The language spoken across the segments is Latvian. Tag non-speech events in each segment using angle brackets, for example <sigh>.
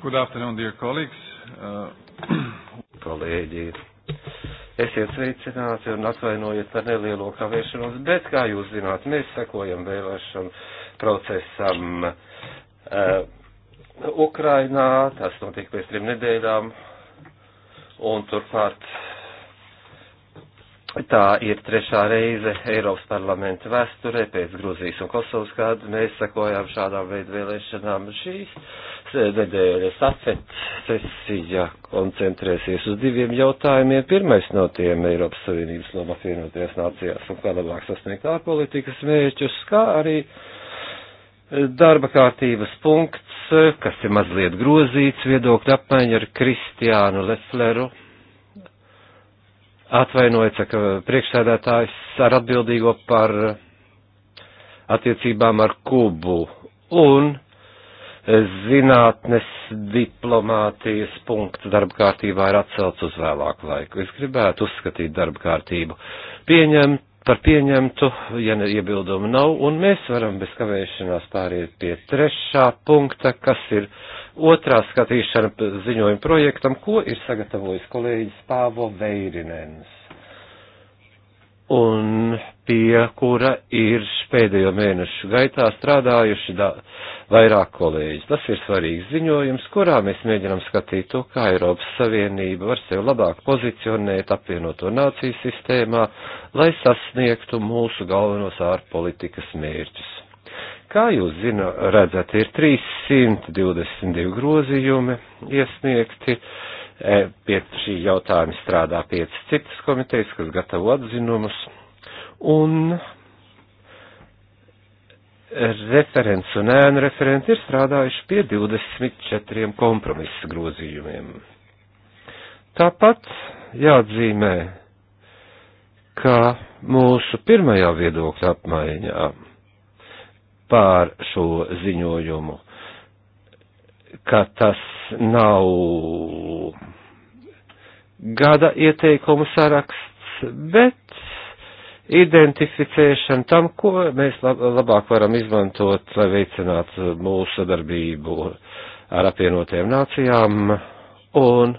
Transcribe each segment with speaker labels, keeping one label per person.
Speaker 1: Good afternoon, dear colleagues. Uh... <clears throat> Kolēģi, esiet sveicināti un atvainojiet par nelielo kavēšanos, bet, kā jūs zināt, mēs sekojam vēlēšanu procesam uh, Ukrainā, tas notiek pēc trim nedēļām, un turklāt Tā ir trešā reize Eiropas parlamenta vēsturē pēc Gruzijas un Kosovas, kad mēs sakojām šādām veidu vēlēšanām. Šīs nedēļas afet sesija koncentrēsies uz diviem jautājumiem. Pirmais no tiem - Eiropas Savienības loma apvienotajās nācijās un kā labāk sasniegt ārpolitikas mērķus, kā arī darba kārtības punkts, kas ir mazliet grozīts viedokļu apmaiņa ar Kristiānu Lefleru. Atvainojiet, ka priekšsēdētājs ar atbildīgo par attiecībām ar Kubu un zinātnes diplomātijas punkts darba kārtībā ir atcelts uz vēlāku laiku. Es gribētu uzskatīt darba kārtību pieņemt, par pieņemtu, ja ne, iebildumu nav, un mēs varam bez kavēšanās pāriet pie trešā punkta, kas ir otrā skatīšana ziņojuma projektam, ko ir sagatavojis kolēģis Pāvo Veirinens un pie kura ir pēdējo mēnešu gaitā strādājuši da, vairāk kolēģi. Tas ir svarīgs ziņojums, kurā mēs mēģinām skatīt to, kā Eiropas Savienība var sevi labāk pozicionēt apvienoto nāciju sistēmā, lai sasniegtu mūsu galvenos ārpolitikas mērķus. Kā jūs zina, redzat, ir 322 grozījumi iesniegti E pie šī jautājuma strādā piecas citas komitejas, kas gatavo atzinumus, un referents un ēnu referenti ir strādājuši pie 24 kompromisu grozījumiem. Tāpat jāatzīmē, ka mūsu pirmajā viedokļa apmaiņā pār šo ziņojumu ka tas nav gada ieteikumu saraksts, bet identificēšana tam, ko mēs labāk varam izmantot, lai veicinātu mūsu sadarbību ar apvienotajām nācijām un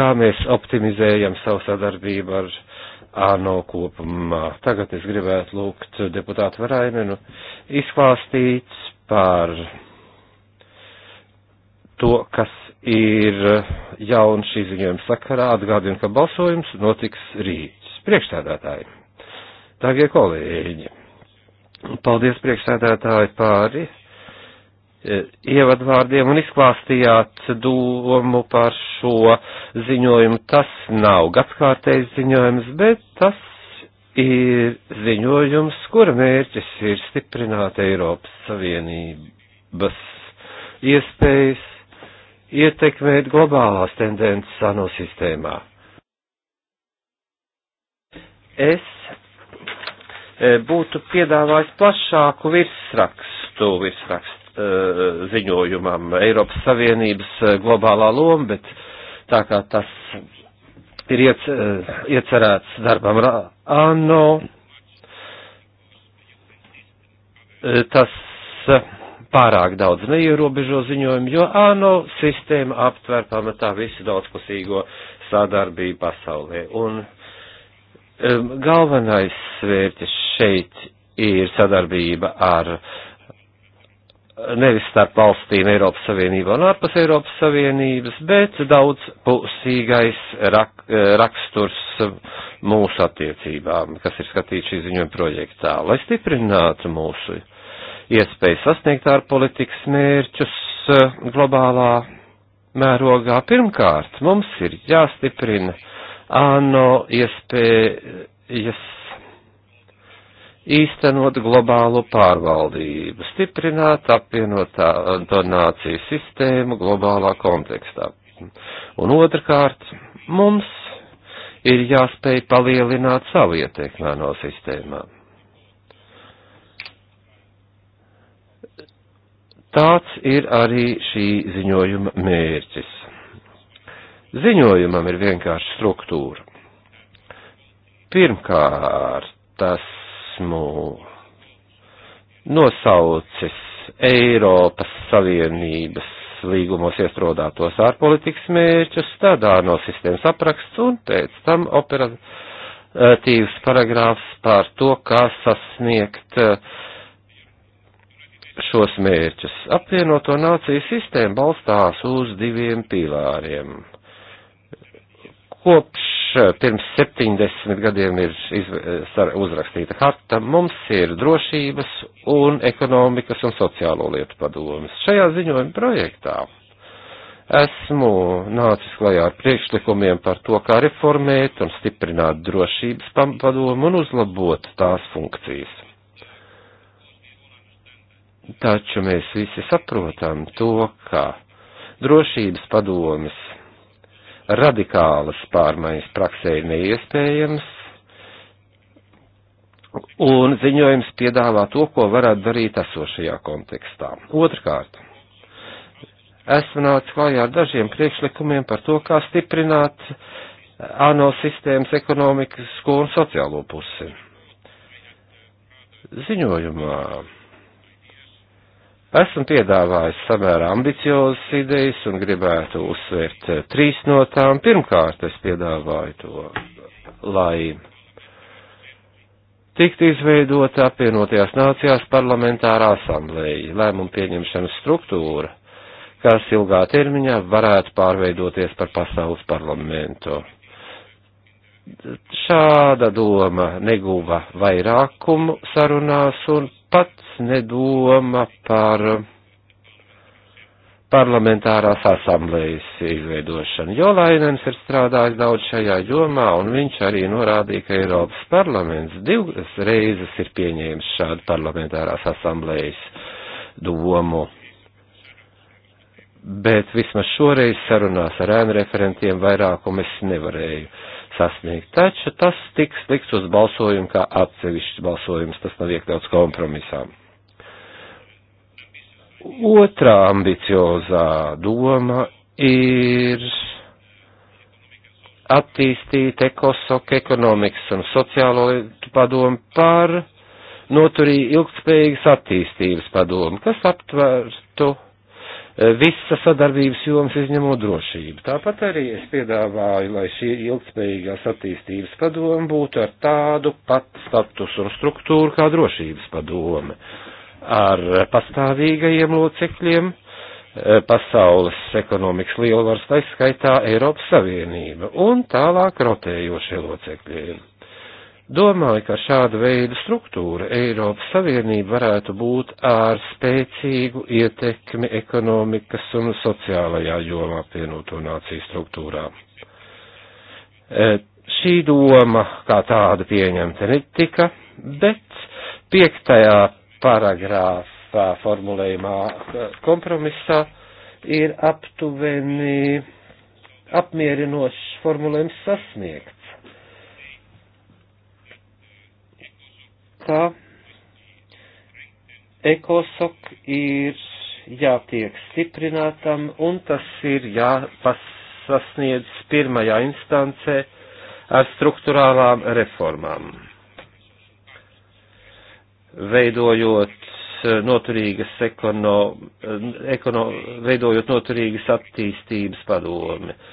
Speaker 1: kā mēs optimizējam savu sadarbību ar ANO kopumā. Tagad es gribētu lūgt deputātu Varainenu izklāstīt par to, kas ir jauns šī ziņojuma sakarā. Atgādinu, ka balsojums notiks rīt. Priekšstādātāji, tagie kolēģi, paldies priekšstādātāji pāri e, ievadvārdiem un izklāstījāt domu par šo ziņojumu. Tas nav gadskārtējs ziņojums, bet tas ir ziņojums, kura mērķis ir stiprināt Eiropas Savienības iespējas ietekmēt globālās tendences ANO sistēmā. Es e, būtu piedāvājis plašāku virsrakstu, virsrakstu e, ziņojumam Eiropas Savienības e, globālā loma, bet tā kā tas ir iec, iecerēts darbam ANO, tas pārāk daudz neierobežo ziņojumu, jo ANO sistēma aptver pamatā visu daudzpusīgo sadarbību pasaulē. Un um, galvenais svērķis šeit ir sadarbība ar nevis starp valstīm Eiropas Savienībā un ārpus Eiropas Savienības, bet daudzpusīgais rak, eh, raksturs mūsu attiecībām, kas ir skatīts šī ziņojuma projektā, lai stiprinātu mūsu iespēju sasniegt ārpolitikas mērķus eh, globālā mērogā. Pirmkārt, mums ir jāstiprina ANO iespējas īstenot globālo pārvaldību, stiprināt apvienotā donāciju sistēmu globālā kontekstā. Un otrkārt, mums ir jāspēj palielināt savu ietekmē no sistēmām. Tāds ir arī šī ziņojuma mērķis. Ziņojumam ir vienkārši struktūra. Pirmkārt, esmu nosaucis Eiropas Savienības līgumos iestrodātos ārpolitikas mērķus, tādā no sistēmas apraksts un pēc tam operatīvs paragrāfs par to, kā sasniegt uh, šos mērķus. Apvienoto nāciju sistēma balstās uz diviem pīlāriem. Kopš eh, pirms 70 gadiem ir eh, uzrakstīta harta, mums ir drošības un ekonomikas un sociālo lietu padomas. Šajā ziņojuma projektā esmu nācis klajā ar priekšlikumiem par to, kā reformēt un stiprināt drošības padomu un uzlabot tās funkcijas. Taču mēs visi saprotam to, ka drošības padomis radikālas pārmaiņas praksē ir neiespējams, un ziņojums piedāvā to, ko varētu darīt esošajā kontekstā. Otrkārt, esmu nācis klājā ar dažiem priekšlikumiem par to, kā stiprināt ANO sistēmas ekonomikas un sociālo pusi. Ziņojumā Esmu piedāvājis samērā ambiciozas idejas un gribētu uzsvērt eh, trīs no tām. Pirmkārt, es piedāvāju to, lai tiktu izveidota apvienotajās nācijās parlamentārā asamblēja, lēmumu pieņemšanas struktūra, kas ilgā termiņā varētu pārveidoties par pasaules parlamentu. Šāda doma neguva vairākumu sarunās un pats nedoma par parlamentārās asamblējas izveidošanu. Jolainens ir strādājis daudz šajā jomā, un viņš arī norādīja, ka Eiropas parlaments divas reizes ir pieņēmis šādu parlamentārās asamblējas domu. Bet vismaz šoreiz sarunās ar ēnu referentiem vairākumu es nevarēju uh, sasniegt. Taču tas tiks liks uz balsojumu kā atsevišķs balsojums, tas nav iekļauts kompromisā. Otrā ambiciozā doma ir attīstīt ekosok ekonomikas un sociālo padomu par noturī ilgspējīgas attīstības padomu, kas aptvertu Eh, visa sadarbības jomas izņemot drošību. Tāpat arī es piedāvāju, lai šī ilgspējīgās attīstības padoma būtu ar tādu pat statusu un struktūru kā drošības padome, ar pastāvīgajiem locekļiem, eh, pasaules ekonomikas lielvaras, taiskaitā Eiropas Savienība un tālāk rotējošie locekļiem Domāju, ka šāda veida struktūra Eiropas Savienība varētu būt ar spēcīgu ietekmi ekonomikas un sociālajā jomā pienoto nāciju struktūrā. E, šī doma kā tāda pieņemta netika, bet piektajā paragrāfā formulējumā kompromisā ir aptuveni apmierinošs formulējums sasniegt ka ekosok ir jātiek stiprinātam un tas ir jāpasasniedz pirmajā instancē ar struktūrālām reformām, veidojot eh, noturīgas ekono, eh, ekono, veidojot noturīgas attīstības padomi. Uh,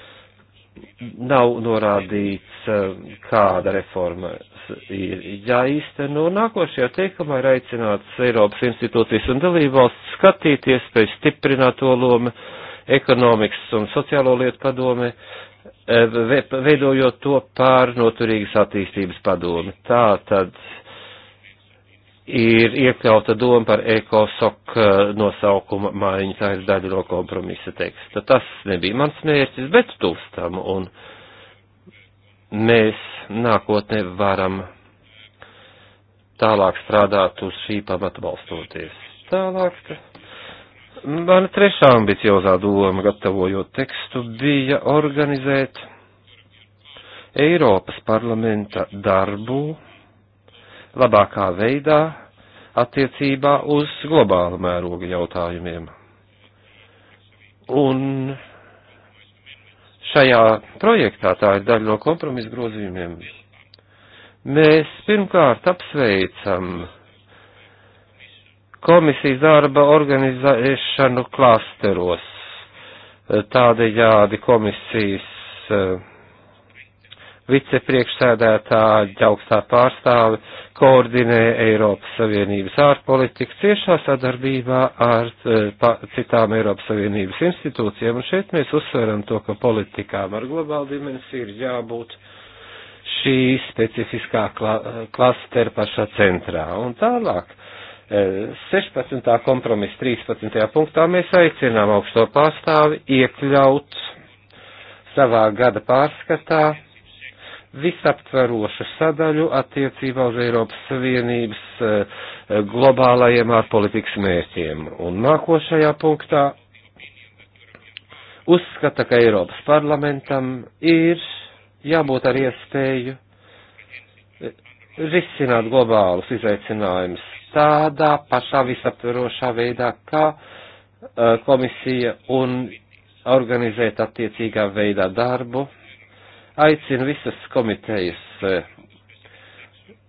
Speaker 1: nav norādīts, eh, kāda reforma ir jāīsteno. Nākošajā teikumā ir aicināts Eiropas institūcijas un dalībvalsts skatīties pēc stiprināto lomu ekonomikas un sociālo lietu padome, eh, veidojot to pār noturīgas attīstības padomi. Tā tad ir iekļauta doma par ekosok eh, nosaukuma maiņu, tā ir daļa no kompromisa teksta. Tas nebija mans mērķis, bet tūstam, un mēs nākotnē varam tālāk strādāt uz šī pamata balstoties. Tālāk, mana trešā ambiciozā doma, gatavojot tekstu, bija organizēt Eiropas parlamenta darbu labākā veidā attiecībā uz globālu mēroga jautājumiem. Un šajā projektā tā ir daļa no kompromisa grozījumiem. Mēs pirmkārt apsveicam komisijas darba organizēšanu klasteros. Tādējādi komisijas uh, vicepriekšsēdētāja augstā pārstāve koordinē Eiropas Savienības ārpolitiku ciešā sadarbībā ar eh, citām Eiropas Savienības institūcijām. Un šeit mēs uzsveram to, ka politikām ar globālu dimensiju ir jābūt šī specifiskā kla eh, klastera pašā centrā. Un tālāk. 16. Eh, kompromisa 13. punktā mēs aicinām augsto pārstāvi iekļaut savā gada pārskatā visaptverošu sadaļu attiecībā uz Eiropas Savienības eh, globālajiem ārpolitikas mērķiem. Un nākošajā punktā uzskata, ka Eiropas parlamentam ir jābūt ar iespēju eh, risināt globālus izaicinājumus tādā pašā visaptverošā veidā, kā eh, komisija un organizēt attiecīgā veidā darbu aicinu visas komitejas, eh,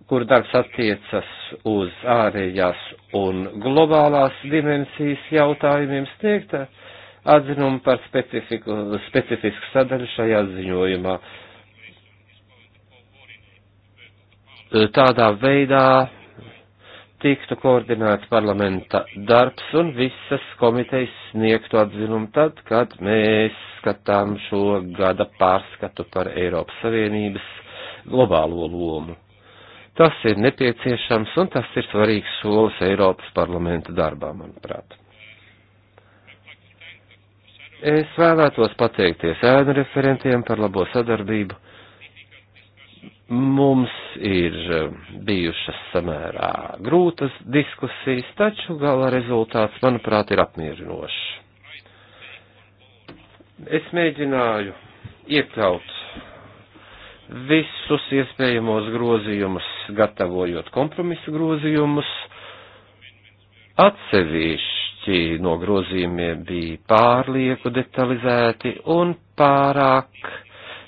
Speaker 1: kur darbs attiecas uz ārējās un globālās dimensijas jautājumiem sniegt atzinumu par specifisku sadaļu šajā ziņojumā. Eh, tādā veidā tiktu koordinēts parlamenta darbs un visas komitejas sniegtu atzinumu tad, kad mēs skatām šo gada pārskatu par Eiropas Savienības globālo lomu. Tas ir nepieciešams un tas ir svarīgs solis Eiropas parlamenta darbā, manuprāt. Es vēlētos pateikties ēnu referentiem par labo sadarbību Mums ir eh, bijušas samērā grūtas diskusijas, taču gala rezultāts, manuprāt, ir apmierinošs. Es mēģināju iekļaut visus iespējamos grozījumus, gatavojot kompromisu grozījumus. Atsevišķi no grozījumiem bija pārlieku detalizēti un pārāk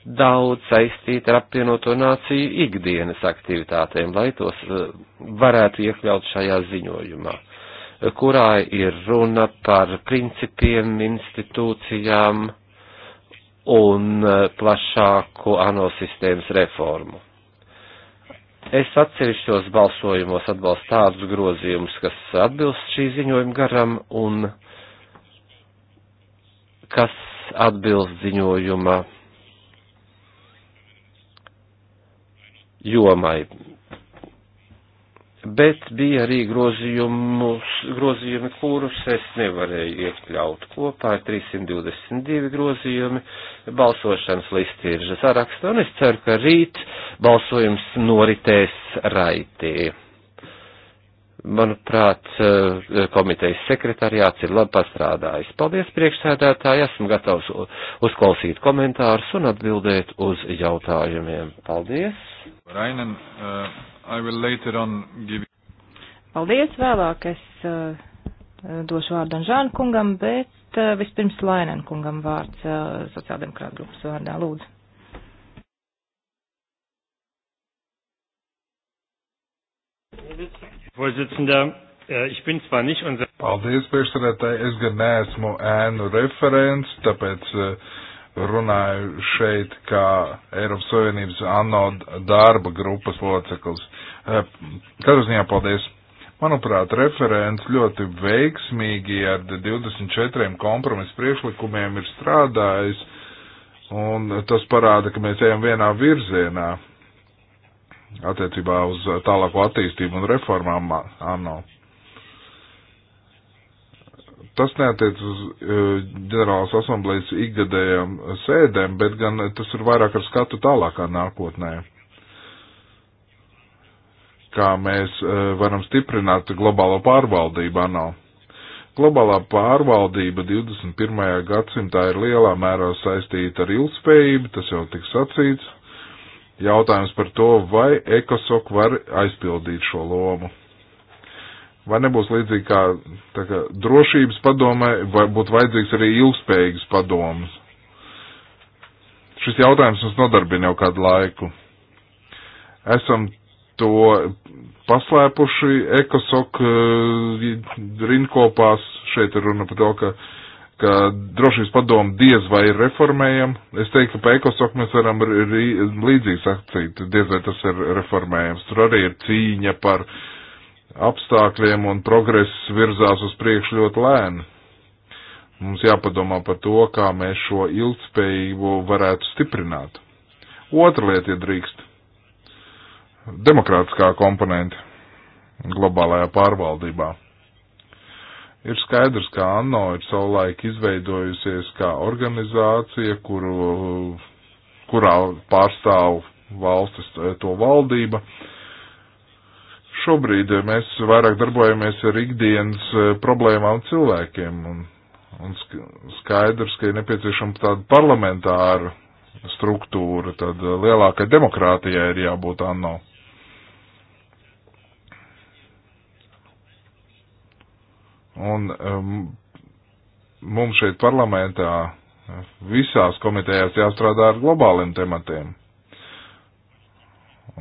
Speaker 1: daudz saistīta ar apvienoto nāciju ikdienas aktivitātēm, lai tos eh, varētu iekļaut šajā ziņojumā, kurā ir runa par principiem, institūcijām un eh, plašāku ANO sistēmas reformu. Es atsevišķos balsojumos atbalstu tādus grozījumus, kas atbilst šī ziņojuma garam un kas atbilst ziņojuma jomai. Bet bija arī grozījumi, kurus es nevarēju iekļaut kopā, 322 grozījumi, balsošanas listi ir sarakstā, un es ceru, ka rīt balsojums noritēs raitī manuprāt, eh, komitejas sekretariāts ir labi pastrādājis. Paldies priekšsēdētāji, esmu gatavs uzklausīt komentārus un atbildēt uz jautājumiem. Paldies!
Speaker 2: Rainen, uh, give... Paldies,
Speaker 3: vēlāk es uh, došu vārdu Anžānu kungam, bet uh, vispirms Lainen kungam vārds uh, sociāldemokrāta grupas vārdā, lūdzu.
Speaker 4: Thank
Speaker 2: you. Äh, paldies, priekšsarētāji. Es gan neesmu ēnu referents, tāpēc äh, runāju šeit kā Eiropas Savienības ANO darba grupas loceklis. Äh, katrā ziņā paldies. Manuprāt, referents ļoti veiksmīgi ar 24 kompromisu priekšlikumiem ir strādājis, un tas parāda, ka mēs ejam vienā virzienā attiecībā uz uh, tālāko attīstību un reformām uh, ANO. Tas neatiec uz uh, ģenerālas asamblējas ikgadējām sēdēm, bet gan tas ir vairāk ar skatu tālākā nākotnē. Kā mēs varam stiprināt globālo pārvaldību ANO. Globālā pārvaldība 21. gadsimtā ir lielā mērā saistīta ar ilgspējību, tas jau tik sacīts jautājums par to, vai ekosok var aizpildīt šo lomu. Vai nebūs līdzīgi kā, kā drošības padomē, vai būtu vajadzīgs arī ilgspējīgs padoms? Šis jautājums mums nodarbina jau kādu laiku. Esam to paslēpuši ekosok eh, rinkopās. Šeit ir runa par to, ka uh, ka drošības padomu diez vai ir reformējama. Es teiktu, ka pa ekosoku mēs varam līdzīgi sacīt, diez vai tas ir reformējams. Tur arī ir cīņa par apstākļiem un progress virzās uz priekšu ļoti lēni. Mums jāpadomā par to, kā mēs šo ilgspējību varētu stiprināt. Otra lieta ir drīkst. Demokrātiskā komponente globālajā pārvaldībā Ir skaidrs, ka ANO ir savulaik izveidojusies kā organizācija, kuru, kurā pārstāv valstis eh, to valdība. Šobrīd eh, mēs vairāk darbojamies ar ikdienas eh, problēmām cilvēkiem, un, un skaidrs, ka ir nepieciešama tāda parlamentāra struktūra, tad lielākai demokrātijai ir jābūt ANO. Un um, mums šeit parlamentā visās komitejās jāstrādā ar globāliem tematiem.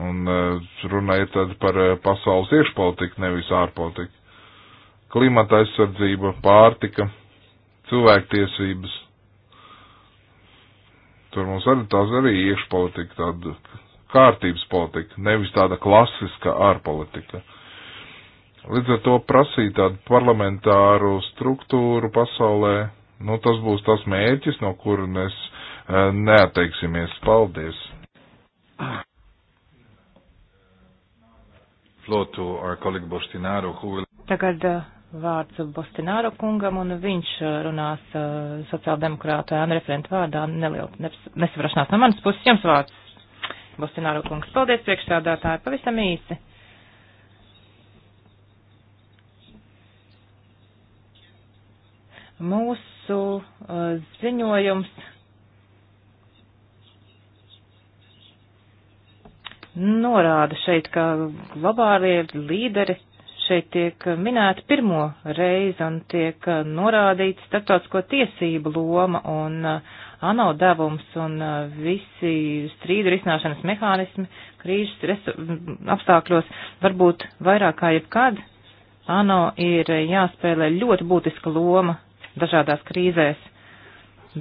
Speaker 2: Un uh, runa ir tad par uh, pasaules iekšpolitiku, nevis ārpolitiku. Klimata aizsardzība, pārtika, cilvēktiesības. Tur mums arī tās arī iekšpolitika, tāda kārtības politika, nevis tāda klasiska ārpolitika. Līdz ar to prasīt tādu parlamentāru struktūru pasaulē, nu tas būs tas mērķis, no kura mēs e, neatteiksimies. Paldies!
Speaker 3: Tagad e, vārds Bostināro kungam, un viņš e, runās uh, sociāldemokrātu ēnu referentu vārdā. Neliela nesaprašanās no manas puses jums vārds. Bostināro kungs, paldies priekšsādātāji, pavisam īsi. Mūsu eh, ziņojums norāda šeit, ka globālie līderi šeit tiek minēti pirmo reizi un tiek eh, norādīts starptautisko tiesību loma un eh, ANO devums un visi strīdu risināšanas mehānismi krīžas apstākļos varbūt vairāk kā jebkad ANO ir jāspēlē ļoti būtiska loma dažādās krīzēs.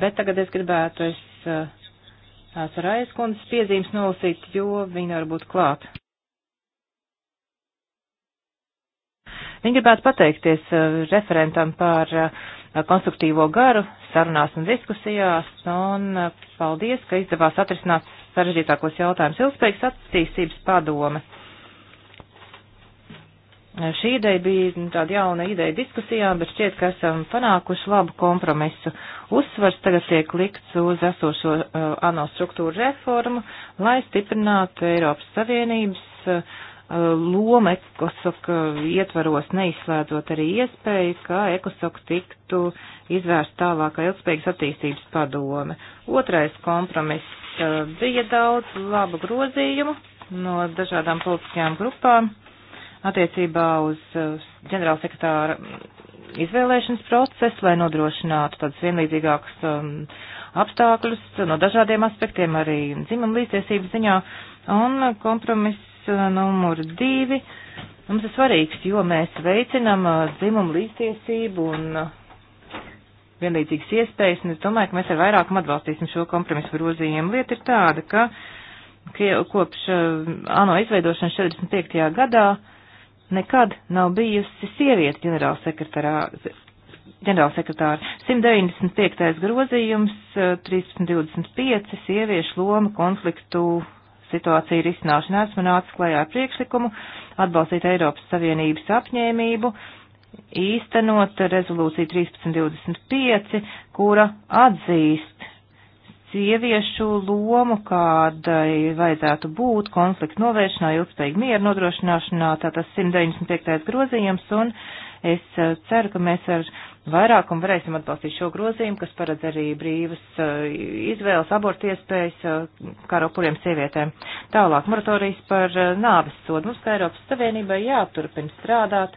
Speaker 3: Bet tagad es gribētu es eh, Sarajas kundzes piezīmes nolasīt, jo viņa var būt klāt. Viņa gribētu pateikties eh, referentam par eh, konstruktīvo garu sarunās un diskusijās, un paldies, ka izdevās atrisināt sarežģītākos jautājumus ilgspējīgas attīstības padome. Šī ideja bija tāda jauna ideja diskusijām, bet šķiet, ka esam panākuši labu kompromisu. Uzsvars tagad tiek likts uz esošo uh, ANO struktūru reformu, lai stiprinātu Eiropas Savienības uh, loma ekosoka uh, ietvaros, neizslēdzot arī iespēju, ka ekosoka tiktu izvērst tālākā ilgspējīgas attīstības padome. Otrais kompromiss uh, bija daudz labu grozījumu no dažādām politiskajām grupām attiecībā uz ģenerālsekretāra izvēlēšanas procesu, lai nodrošinātu tādus vienlīdzīgākus um, apstākļus no dažādiem aspektiem, arī dzimuma līdztiesības ziņā. Un kompromiss uh, numur divi mums ir svarīgs, jo mēs veicinam uh, dzimumu līdztiesību un uh, vienlīdzīgas iespējas, un es domāju, ka mēs ar vairākumu atbalstīsim šo kompromisu grozījumu. Lieta ir tāda, ka kopš ANO izveidošanas 45. gadā nekad nav bijusi sieviete ģenerālsekretārā. Ģenerālsekretāri 195. grozījums, 1325 eh, sieviešu loma konfliktu situāciju risināšanā esmu nācis klajā ar priekšlikumu atbalstīt Eiropas Savienības apņēmību, īstenot rezolūciju 1325, kura atzīst sieviešu lomu, kādai vajadzētu būt konfliktu novēršanā, ilgspējīgi mieru nodrošināšanā, tātad 195. grozījums, un es eh, ceru, ka mēs ar vairāk un varēsim atbalstīt šo grozījumu, kas paredz arī brīvas eh, izvēles, abortu iespējas eh, karo upuriem sievietēm. Tālāk moratorijas par nāves sodu mums, kā Eiropas Savienībai, jāturpina strādāt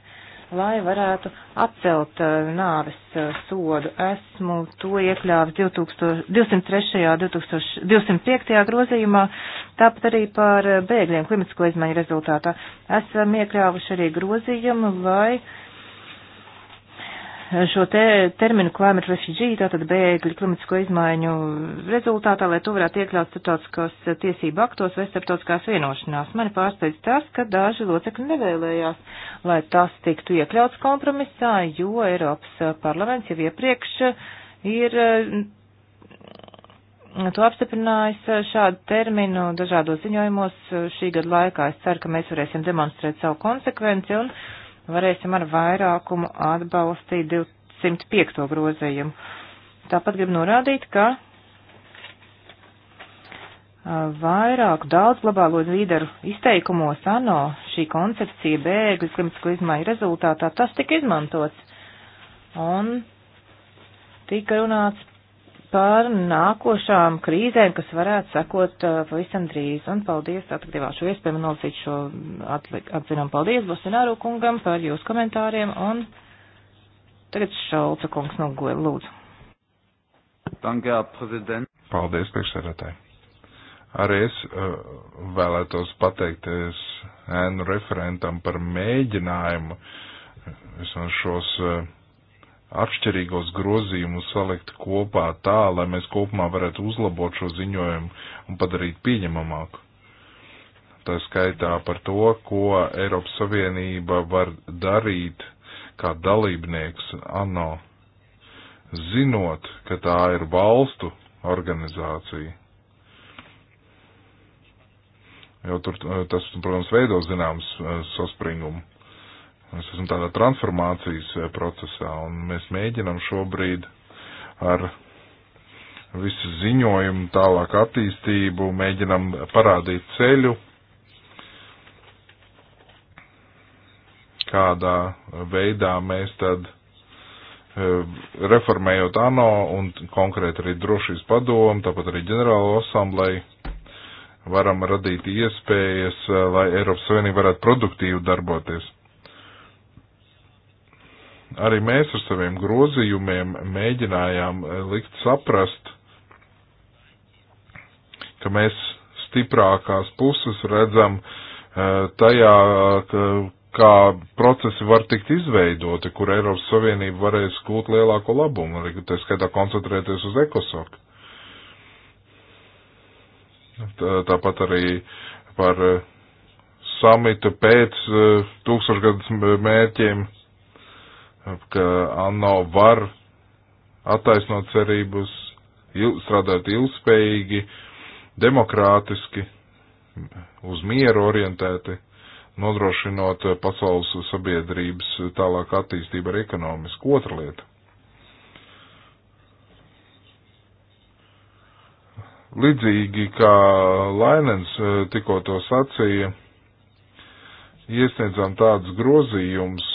Speaker 3: lai varētu atcelt eh, nāves eh, sodu. Esmu to iekļāvis 203. 2000, 205. grozījumā, tāpat arī par eh, bēgļiem klimatisko izmaiņu rezultātā. Esam iekļāvuši arī grozījumu, lai šo te terminu climate refugee, tātad bēgļi klimatisko izmaiņu rezultātā, lai to varētu iekļaut starptautiskos tiesību aktos vai starptautiskās vienošanās. Mani pārsteidz tas, ka daži locekļi nevēlējās, lai tas tiktu iekļauts kompromisā, jo Eiropas parlaments jau iepriekš ir mm, to apstiprinājis šādu terminu dažādos ziņojumos šī gada laikā. Es ceru, ka mēs varēsim demonstrēt savu konsekvenci un varēsim ar vairākumu atbalstīt 205. grozējumu. Tāpat gribu norādīt, ka vairāku daudz globālo līderu izteikumos ANO šī koncepcija bēgļu klimatisko izmaiņu rezultātā tas tika izmantots. Un tika runāts par nākošām krīzēm, kas varētu sekot uh, pavisam drīz. Un paldies, atgrievēšu šo iespēju nolasīt šo atzinumu. Paldies Bosināru kungam par jūsu komentāriem un tagad Šalca kungs no Goja lūdzu.
Speaker 1: Dankā, prezident.
Speaker 2: Paldies, priekšsēdētāji. Arī es uh, vēlētos pateikties ēnu referentam par mēģinājumu vismaz šos uh, atšķirīgos grozījumus salikt kopā tā, lai mēs kopumā varētu uzlabot šo ziņojumu un padarīt pieņemamāku. Tā skaitā par to, ko Eiropas Savienība var darīt kā dalībnieks ANO, zinot, ka tā ir valstu organizācija. Jo tur tas, protams, veido zināms eh, saspringumu. Mēs esam tādā transformācijas eh, procesā un mēs mēģinam šobrīd ar visu ziņojumu, tālāk attīstību, mēģinam parādīt ceļu, kādā veidā mēs tad eh, reformējot ANO un konkrēti arī drošības padomu, tāpat arī ģenerālo asambleju, varam radīt iespējas, eh, lai Eiropas Savienība varētu produktīvi darboties. Arī mēs ar saviem grozījumiem mēģinājām eh, likt saprast, ka mēs stiprākās puses redzam eh, tajā, kā procesi var tikt izveidoti, kur Eiropas Savienība varēs gūt lielāko labumu, arī tā skaitā koncentrēties uz ekosoku. Tāpat arī par eh, samita pēc tūkstošgadus mērķiem ka ANO var attaisnot cerības, il, strādāt ilgspējīgi, demokrātiski, uz mieru orientēti, nodrošinot pasaules sabiedrības tālāk attīstību ar ekonomisku. Otra lieta. Līdzīgi kā Lainens eh, tikko to sacīja, iesniedzām tādus grozījumus,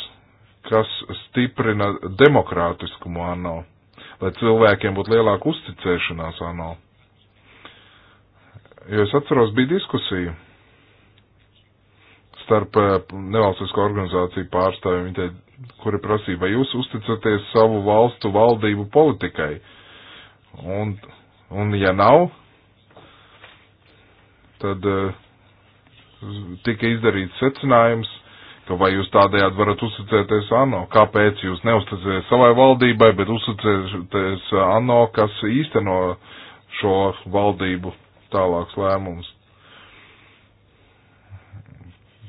Speaker 2: kas stiprina demokrātiskumu ANO, lai cilvēkiem būtu lielāka uzticēšanās ANO. Jo es atceros, bija diskusija starp eh, nevalstisko organizāciju pārstāvjiem, kuri prasīja, vai jūs uzticaties savu valstu valdību politikai? Un, un ja nav, tad eh, tika izdarīts secinājums, ka vai jūs tādējādi varat uzticēties ANO, kāpēc jūs neuzticaties savai valdībai, bet uzticēties ANO, kas īsteno šo valdību tālāks lēmums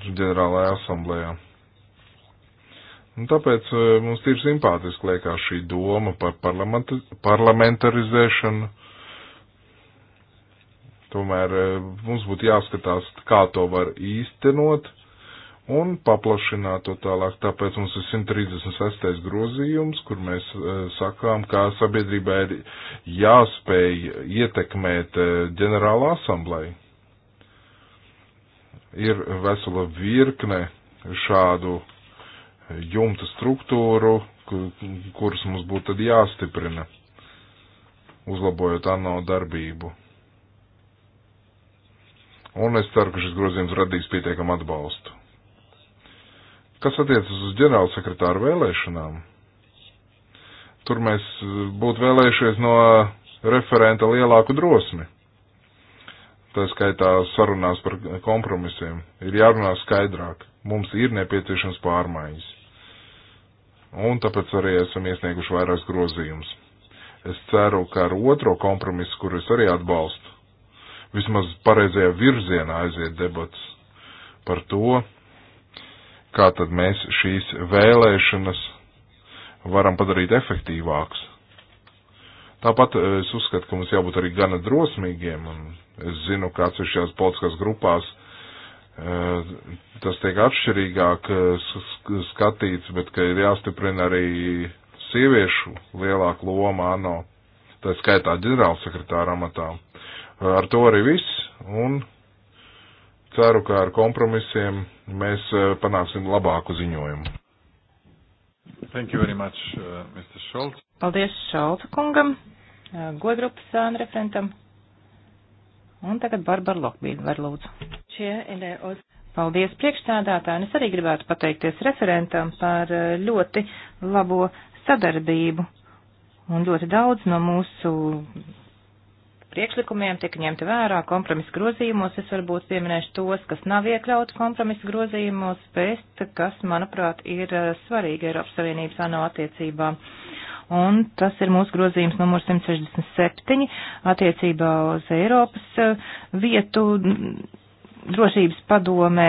Speaker 2: ģenerālajā asamblējā. Un tāpēc e, mums ir simpātiski liekas šī doma par parlamentarizēšanu. Tomēr e, mums būtu jāskatās, kā to var īstenot un paplašināt to tālāk. Tāpēc mums ir 136. grozījums, kur mēs e, sakām, ka sabiedrībai ir jāspēj ietekmēt e, ģenerāla asamblēju. Ir vesela virkne šādu eh, jumta struktūru, kuras mums būtu tad jāstiprina, uzlabojot ANO darbību. Un es ceru, ka šis grozījums radīs pietiekam atbalstu. Kas attiecas uz ģenerāla sekretāra vēlēšanām? Tur mēs e, būtu vēlējušies no referenta lielāku drosmi. Tā skaitā sarunās par kompromisiem. Ir jārunā skaidrāk. Mums ir nepieciešams pārmaiņas. Un tāpēc arī esam iesnieguši vairākus grozījumus. Es ceru, ka ar otro kompromisu, kur es arī atbalstu, vismaz pareizajā virzienā aiziet debats par to, kā tad mēs šīs vēlēšanas varam padarīt efektīvākas. Tāpat eh, es uzskatu, ka mums jābūt arī gana drosmīgiem, un es zinu, ka atsevišķās politiskās grupās eh, tas tiek atšķirīgāk eh, skatīts, bet ka ir jāstiprina arī sieviešu lielāka loma ANO, tā skaitā ģenerālsekretāra amatā. Ar to arī viss, un ceru, ka ar kompromisiem mēs eh, panāksim labāku ziņojumu. Thank you very much, uh, Mr. Šolts.
Speaker 3: Paldies Šolta kungam, uh, godgrupas uh, referentam. Un tagad Barbara Lokbīna var lūdzu. Paldies priekšstādātājiem. Es arī gribētu pateikties referentam par uh, ļoti labo sadarbību. Un ļoti daudz no mūsu priekšlikumiem tika ņemti vērā kompromisa grozījumos. Es varbūt pieminēšu tos, kas nav iekļauts kompromisa grozījumos, bet kas, manuprāt, ir eh, svarīgi Eiropas Savienības ANO attiecībām. Un tas ir mūsu grozījums numur 167 attiecībā uz Eiropas eh, vietu mm, drošības padomē,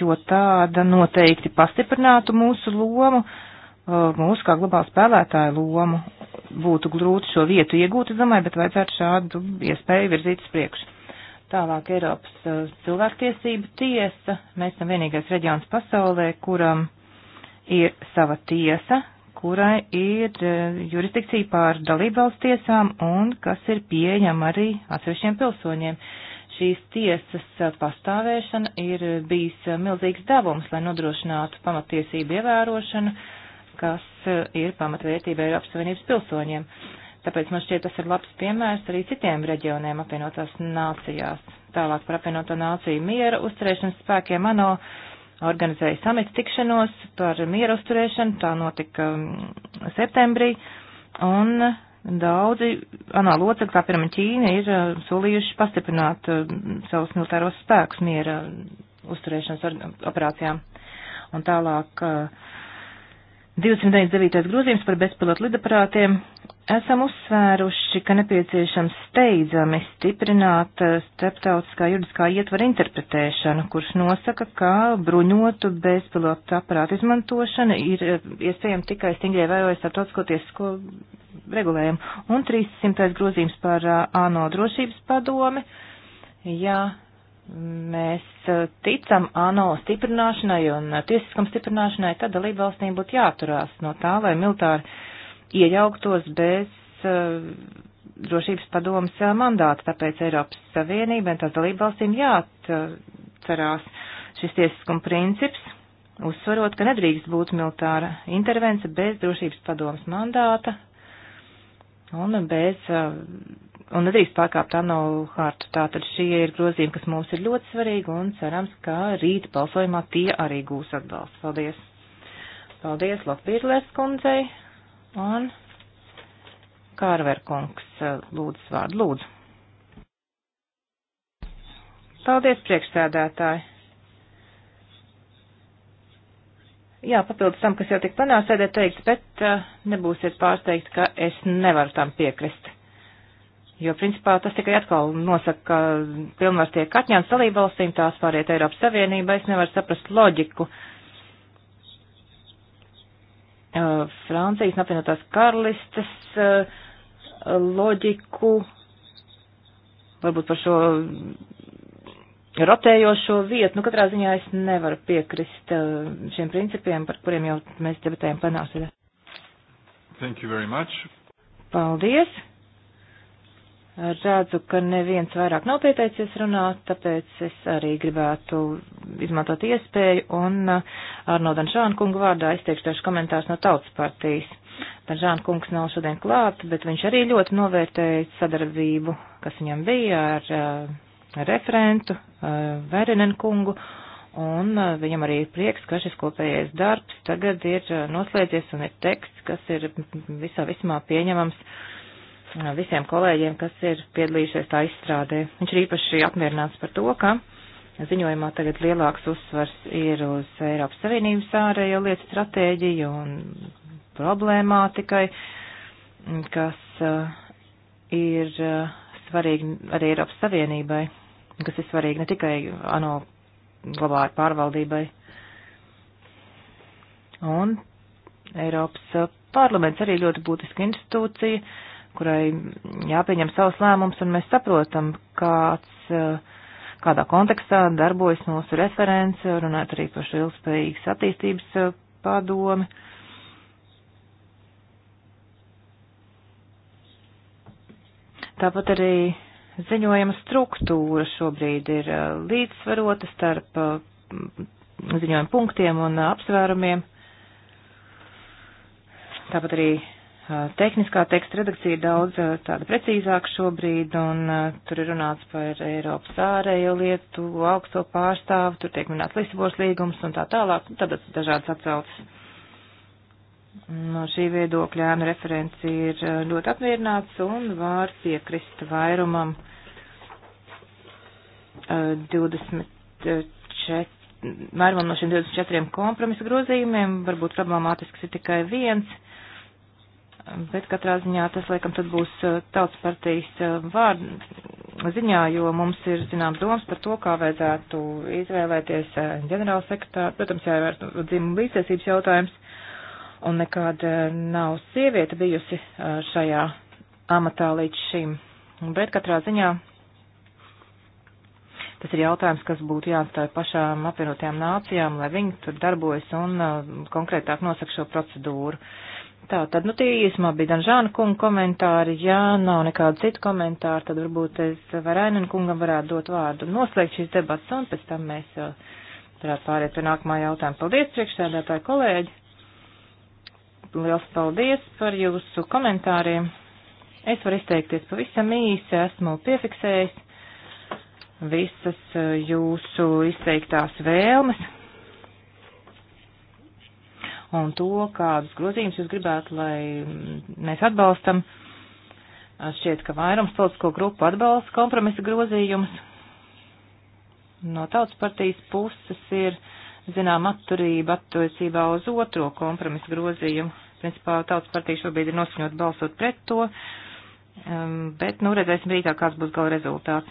Speaker 3: jo tāda noteikti pastiprinātu mūsu lomu. Uh, Uh, mūsu kā globāla spēlētāja lomu. Būtu grūti šo vietu iegūt, es domāju, bet vajadzētu šādu iespēju virzīt uz priekšu. Tālāk Eiropas uh, cilvēktiesība tiesa. Mēs esam vienīgais reģions pasaulē, kuram ir sava tiesa, kurai ir uh, jurisdikcija pār dalībvalsts tiesām un kas ir pieejama arī atsevišķiem pilsoņiem. Šīs tiesas pastāvēšana ir bijis milzīgs devums, lai nodrošinātu pamatiesību ievērošanu kas eh, ir pamatvērtība Eiropas Savienības pilsoņiem. Tāpēc man šķiet, tas ir labs piemērs arī citiem reģioniem apvienotās nācijās. Tālāk par apvienoto nāciju miera uzturēšanas spēkiem ANO organizēja samits tikšanos par miera uzturēšanu, tā notika mm, septembrī, un daudzi ANO locekļi, kā piemēram Ķīna, ir eh, solījuši pastiprināt eh, savus militāros spēkus miera uzturēšanas operācijām. Un tālāk uh, 299. grozījums par bezpilotu lidaprātiem esam uzsvēruši, ka nepieciešams steidzami stiprināt eh, starptautiskā juridiskā ietvara interpretēšanu, kurš nosaka, ka bruņotu bezpilotu aparātu izmantošana ir eh, iespējama tikai stingrie vērojot starptautisko tiesisko regulējumu. Un 300. grozījums par eh, ANO drošības padomi. Jā, mēs uh, ticam ANO stiprināšanai un uh, tiesiskam stiprināšanai, tad dalībvalstīm būtu jāturās no tā, lai militāri iejauktos bez uh, drošības padomas uh, mandāta. Tāpēc Eiropas Savienībai un tās dalībvalstīm jāatcerās šis tiesiskuma princips, uzsvarot, ka nedrīkst būt militāra intervence bez drošības padomas mandāta un bez uh, un nedrīkst pārkāpt ANO hārtu. Tātad šie ir grozījumi, kas mums ir ļoti svarīgi un cerams, ka rīt balsojumā tie arī gūs atbalstu. Paldies! Paldies Lokbīrlēs kundzei un Kārverkungs eh, lūdzu vārdu lūdzu. Paldies priekšsēdētāji! Jā, papildus tam, kas jau tik panāsēdē teikts, bet uh, nebūsiet pārsteigti, ka es nevaru tam piekrist. Jo, principā, tas tikai atkal nosaka, ka pilnvars tiek atņemts dalībvalstīm, tās pāriet Eiropas Savienībā. Es nevaru saprast loģiku. Uh, Francijas un apvienotās karalistes uh, loģiku, varbūt par šo rotējošo vietu. Nu, katrā ziņā es nevaru piekrist uh, šiem principiem, par kuriem jau mēs debatējam plenārsēdē.
Speaker 4: Thank you very much.
Speaker 3: Paldies. Redzu, ka neviens vairāk nav pieteicies runāt, tāpēc es arī gribētu izmantot iespēju un uh, Arno Danžāna kunga vārdā izteikšu dažus komentārus no tautas partijas. Danžāna kungs nav šodien klāt, bet viņš arī ļoti novērtēja sadarbību, kas viņam bija ar, ar uh, referentu uh, Verinen kungu. Un viņam arī ir prieks, ka šis kopējais darbs tagad ir noslēdzies un ir teksts, kas ir visā vismā pieņemams uh, visiem kolēģiem, kas ir piedalījušies tā izstrādē. Viņš ir īpaši apmierināts par to, ka ziņojumā tagad lielāks uzsvars ir uz Eiropas Savienības ārējo lietu stratēģiju un problemātikai, kas uh, ir uh, svarīgi arī Eiropas Savienībai, kas ir svarīgi ne tikai ANO globālajai pārvaldībai. Un Eiropas uh, parlaments arī ļoti būtiska institūcija, uh, kurai jāpieņem savus lēmumus, un mēs saprotam, kāds, eh, kādā kontekstā darbojas mūsu referents, runāt arī par šo ilgspējīgas attīstības eh, padomi. Tāpat arī ziņojuma struktūra šobrīd ir eh, līdzsvarota starp ziņojuma punktiem un apsvērumiem. Tāpat arī Tehniskā teksta redakcija ir daudz tāda precīzāka šobrīd, un tur ir runāts par Eiropas ārējo lietu, augsto pārstāvu, tur tiek minēts Lisabos līgums un tā tālāk, un tad dažādas atcaucas. No šī viedokļa ēnu referents ir ļoti apmierināts un var piekrist vairumam 24 vairumam no šiem 24 kompromisa grozījumiem, varbūt problemātisks ir tikai viens, Bet katrā ziņā tas, laikam, tad būs eh, tautas partijas eh, vārdu ziņā, jo mums ir, zinām, domas par to, kā vajadzētu izvēlēties eh, ģenerāla sekretāru. Protams, jāievērt dzimuma līdztiesības jautājums, un nekāda nav sieviete bijusi šajā amatā līdz šim. Bet katrā ziņā tas ir jautājums, kas būtu jāatstāj pašām apvienotajām nācijām, lai viņi tur darbojas un konkrētāk nosaka šo procedūru. Uh, Tā tad, nu, tie īsumā bija Danžāna kunga komentāri. Ja nav nekādu citu komentāru, tad varbūt es Varainen kungam varētu dot vārdu noslēgt šīs debats, un pēc tam mēs uh, varētu pāriet pie nākamā jautājuma. Paldies, priekšsēdētāji kolēģi! Liels paldies par jūsu komentāriem. Es varu izteikties pavisam īsi, esmu piefiksējis visas uh, jūsu izteiktās vēlmes un to, kādus grozījumus jūs gribētu, lai mēs atbalstam. Šķiet, ka vairums politisko grupu atbalsta kompromisa grozījumus. No tautas partijas puses ir, zinām, atturība attiecībā uz otro kompromisa grozījumu. Principā tautas partija šobrīd ir noskaņot balsot pret to, um, bet, nu, redzēsim rītā, kāds būs gala rezultāts.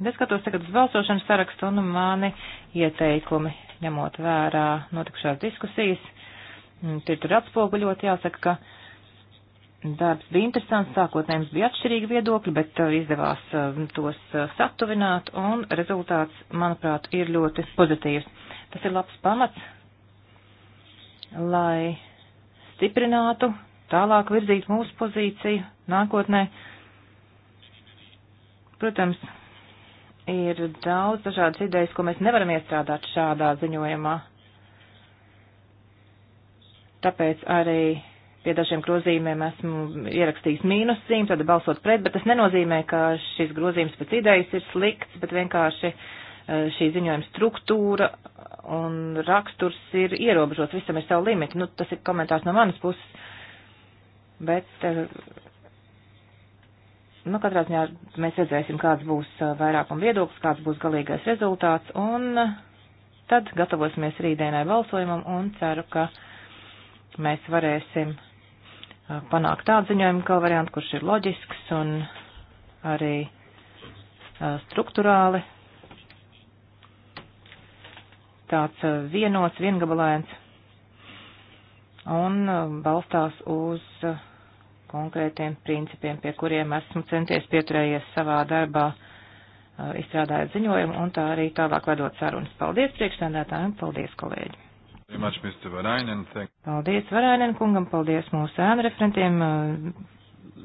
Speaker 3: Es skatos tagad uz balsošanas sarakstu un mani ieteikumi, ņemot vērā notikušās diskusijas. Mm, tur tur atspoguļot jāsaka, ka Darbs bija interesants, sākotnēji mums bija atšķirīgi viedokļi, bet uh, izdevās uh, tos uh, satuvināt, un rezultāts, manuprāt, ir ļoti pozitīvs. Tas ir labs pamats, lai stiprinātu, tālāk virzītu mūsu pozīciju nākotnē. Protams, ir daudz dažādas idejas, ko mēs nevaram iestrādāt šādā ziņojumā, tāpēc arī pie dažiem grozījumiem esmu ierakstījis mīnuszīm, tad balsot pret, bet tas nenozīmē, ka šis grozījums pēc idejas ir slikts, bet vienkārši eh, šī ziņojuma struktūra un raksturs ir ierobežots, visam ir savu limitu. Nu, tas ir komentārs no manas puses, bet, eh, nu, katrā ziņā mēs redzēsim, kāds būs eh, vairākuma viedoklis, kāds būs galīgais rezultāts, un tad gatavosimies rītdienai balsojumam un ceru, ka mēs varēsim panākt tādu ziņojumu, kā variantu, kurš ir loģisks un arī struktūrāli tāds vienots, viengabalains un balstās uz konkrētiem principiem, pie kuriem esmu centies pieturējies savā darbā, izstrādājot ziņojumu un tā arī tālāk vedot sarunas. Paldies priekšsēdētājiem, paldies kolēģi! Paldies Varainen kungam, paldies mūsu ēnu referentiem. Uh,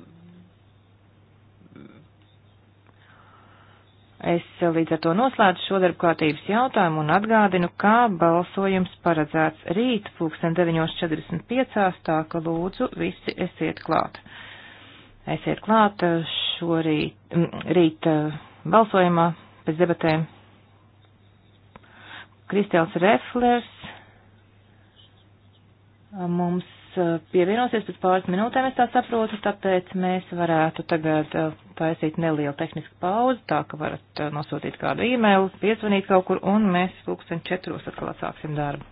Speaker 3: es līdz ar to noslēdzu šo darbu kārtības jautājumu un atgādinu, kā balsojums paredzēts rīt 19.45, tā ka lūdzu visi esiet klāt. Esiet klāt uh, šorīt, mm, rīt uh, balsojumā pēc debatēm. Kristiāls Reflers mums uh, pievienosies pēc pāris minūtēm, es tā saprotu, tāpēc mēs varētu tagad uh, taisīt nelielu tehnisku pauzi, tā ka varat uh, nosūtīt kādu e-mailu, piezvanīt kaut kur, un mēs pulksten četros atkal atsāksim darbu.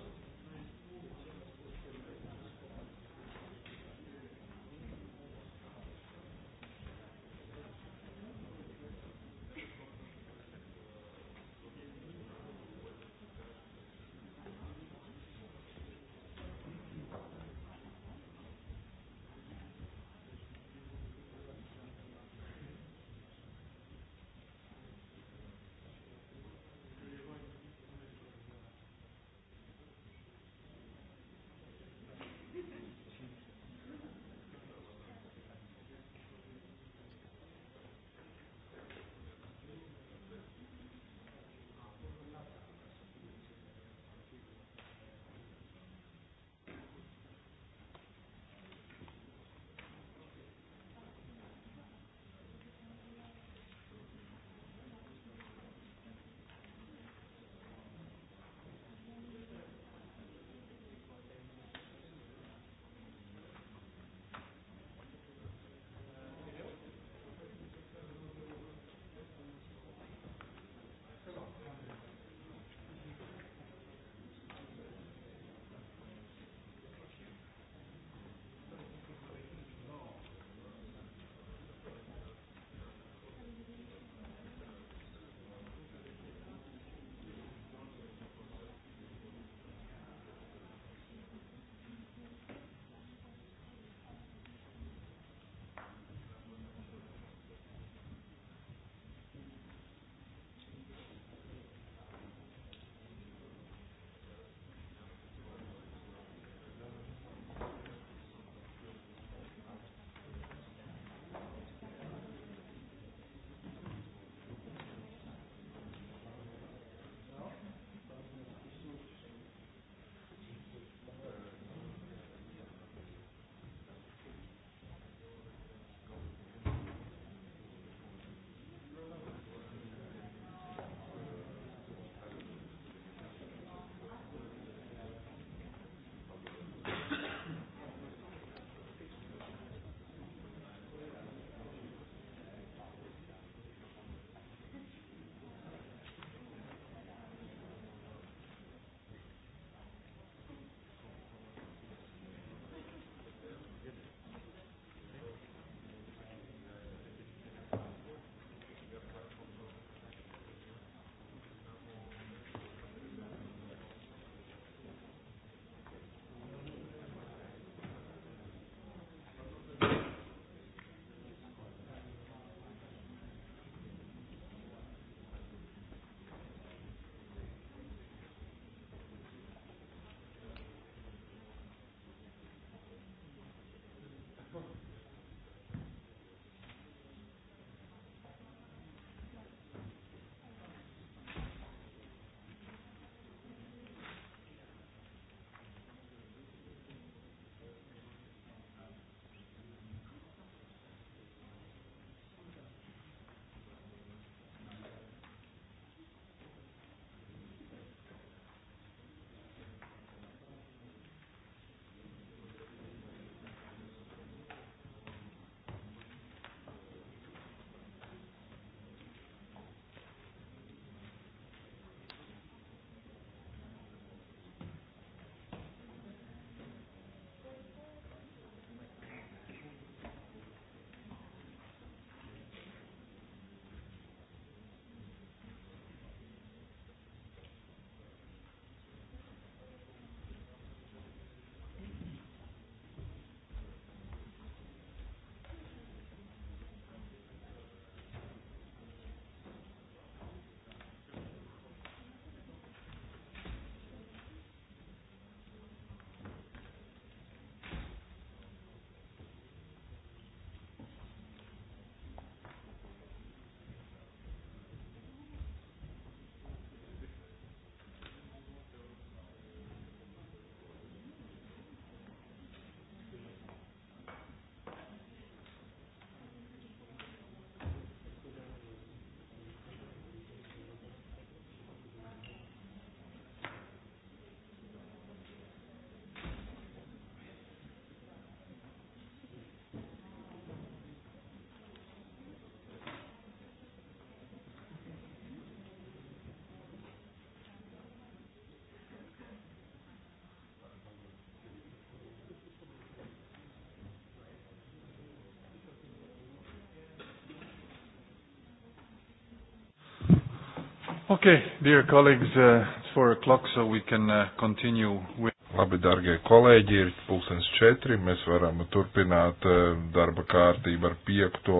Speaker 2: Okay, dear colleagues, uh, it's four o'clock, so we can uh, continue with. Labi, darbie kolēģi, ir pulkstens četri. Mēs varam turpināt uh, darba kārtību ar piekto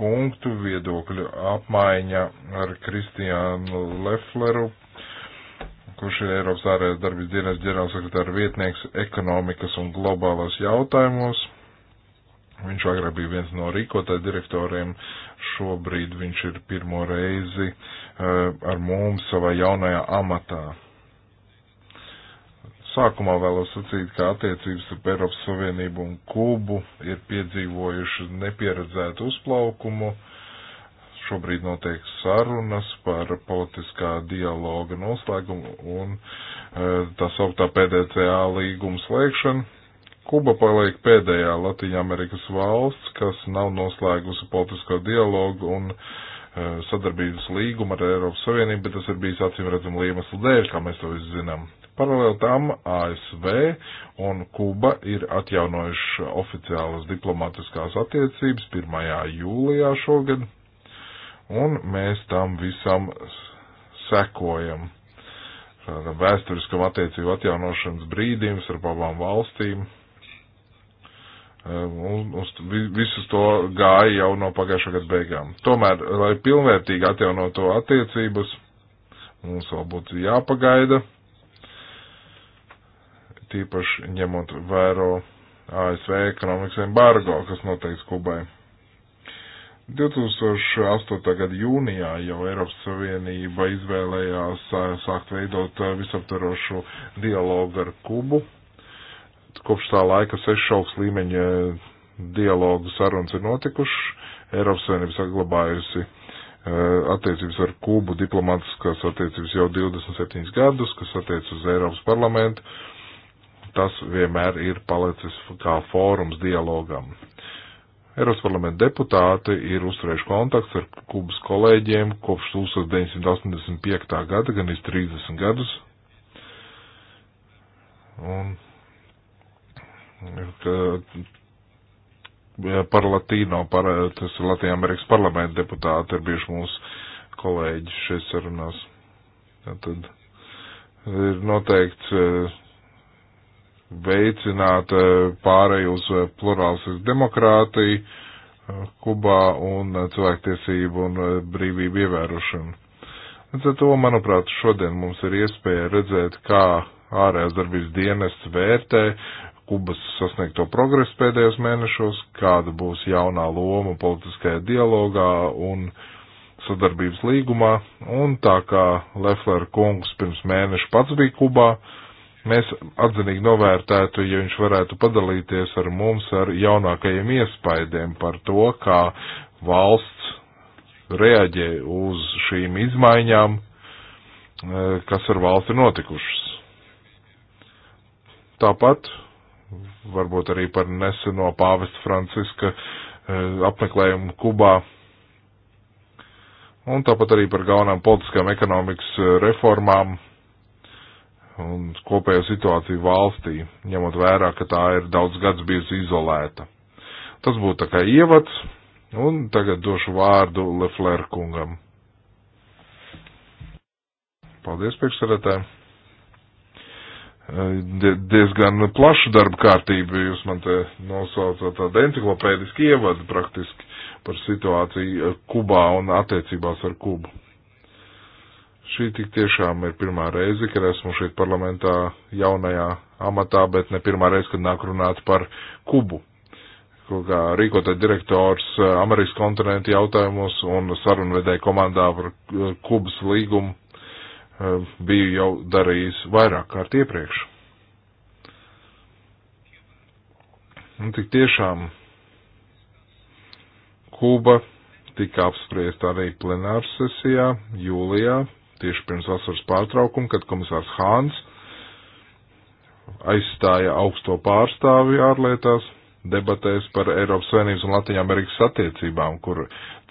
Speaker 2: punktu viedokļu apmaiņa ar Kristiānu Lefleru, kurš ir Eiropas ārējās darbības dienas ģenerālsekretāra vietnieks ekonomikas un globālos jautājumos. Viņš agrāk bija viens no rīkotāju direktoriem, šobrīd viņš ir pirmo reizi uh, Eh, ar mums savā jaunajā amatā. Sākumā vēlos sacīt, ka attiecības ar Eiropas Savienību un Kubu ir piedzīvojuši nepieredzētu uzplaukumu. Šobrīd notiek sarunas par politiskā dialoga noslēgumu un eh, tā sauktā PDCA līguma slēgšanu. Kuba paliek pēdējā Latvija Amerikas valsts, kas nav noslēgusi politisko dialogu un uh, Eh, sadarbības līgumu ar Eiropas Savienību, bet tas ir bijis acīm redzam iemeslu dēļ, kā mēs to visu zinām. Paralēli tam ASV un Kuba ir atjaunojuši oficiālas diplomatiskās attiecības 1. jūlijā šogad, un mēs tam visam sekojam. Vēsturiskam attiecību atjaunošanas brīdim starp abām valstīm Ehm, un uz visus to gāja jau no pagājušā gada beigām. Tomēr, lai pilnvērtīgi atjaunotu attiecības, mums vēl būtu jāpagaida, tīpaši ņemot vēro ASV ekonomikas embargo, kas noteikts Kubai. 2008. gada jūnijā jau Eiropas Savienība izvēlējās sākt veidot visaptarošu dialogu ar Kubu kopš tā laika sešu augstu līmeņa eh, dialogu sarunas ir notikušas. Eiropas Savienība saglabājusi eh, attiecības ar Kūbu, diplomātiskās attiecības jau 27 gadus, kas attiec uz Eiropas parlamentu. Tas vienmēr ir palicis kā fórums dialogam. Eiropas parlamenta deputāti ir uzturējuši kontakts ar Kubas kolēģiem kopš 1985. gada, gan iz 30 gadus. Un par Latīno, par, tas ir Latvijas Amerikas parlamenta deputāti, ir bijuši mūsu kolēģi šeit sarunās. Tad ir noteikts e, veicināt e, pārēju uz e, plurālistisku demokrātiju Kubā un cilvēktiesību un brīvību ievērošanu. Līdz ar to, manuprāt, šodien mums ir iespēja redzēt, kā ārējās darbības dienests vērtē Kubas sasniegto progresu pēdējos mēnešos, kāda būs jaunā loma politiskajā dialogā un sadarbības līgumā, un tā kā Lefler kungs pirms mēneša pats bija Kubā, mēs atzinīgi novērtētu, ja viņš varētu padalīties ar mums ar jaunākajiem iespaidiem par to, kā valsts reaģē uz šīm izmaiņām, eh, kas ar valsti notikušas. Tāpat varbūt arī par neseno pāvesta Franciska eh, apmeklējumu Kubā. Un tāpat arī par galvenām politiskām ekonomikas eh, reformām un kopējo situāciju valstī, ņemot vērā, ka tā ir daudz gads bijusi izolēta. Tas būtu tā kā ievads, un tagad došu vārdu Lefler kungam. Paldies, priekšsēdētāji! diezgan plašu darbu kārtību, jūs man te nosaucat tādu enciklopēdisku ievadu praktiski par situāciju eh, Kubā un attiecībās ar Kubu. Šī tik tiešām ir pirmā reize, kad esmu šeit parlamentā jaunajā amatā, bet ne pirmā reize, kad nāk runāt par Kubu. Kaut kā rīkotē direktors eh, Amerikas kontinenta jautājumos un sarunvedēja komandā par eh, Kubas līgumu Eh, biju jau darījis vairāk kārt iepriekš. Un tik tiešām Kuba tika apspriesta arī plenāru sesijā jūlijā, tieši pirms vasaras pārtraukuma, kad komisārs Hāns aizstāja augsto pārstāvi ārlietās debatēs par Eiropas Savienības un Latvijas Amerikas attiecībām, kur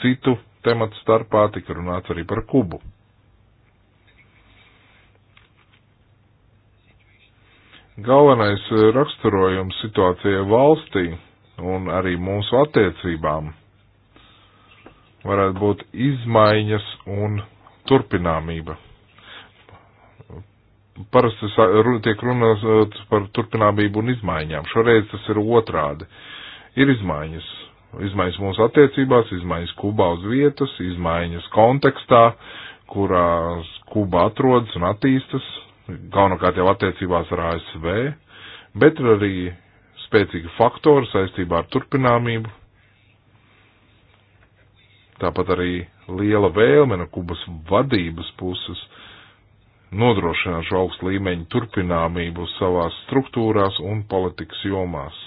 Speaker 2: citu tematu starpā tika runāts arī par Kubu. galvenais eh, raksturojums situācijai valstī un arī mūsu attiecībām varētu būt izmaiņas un turpināmība. Parasti tiek runāts par turpināmību un izmaiņām. Šoreiz tas ir otrādi. Ir izmaiņas. Izmaiņas mūsu attiecībās, izmaiņas Kubā uz vietas, izmaiņas kontekstā, kurā Kuba atrodas un attīstas, galvenokārt jau attiecībās ar ASV, bet ir arī spēcīgi faktori saistībā ar turpināmību. Tāpat arī liela vēlme no Kubas vadības puses nodrošināt šo augstu līmeņu turpināmību savās struktūrās un politikas jomās.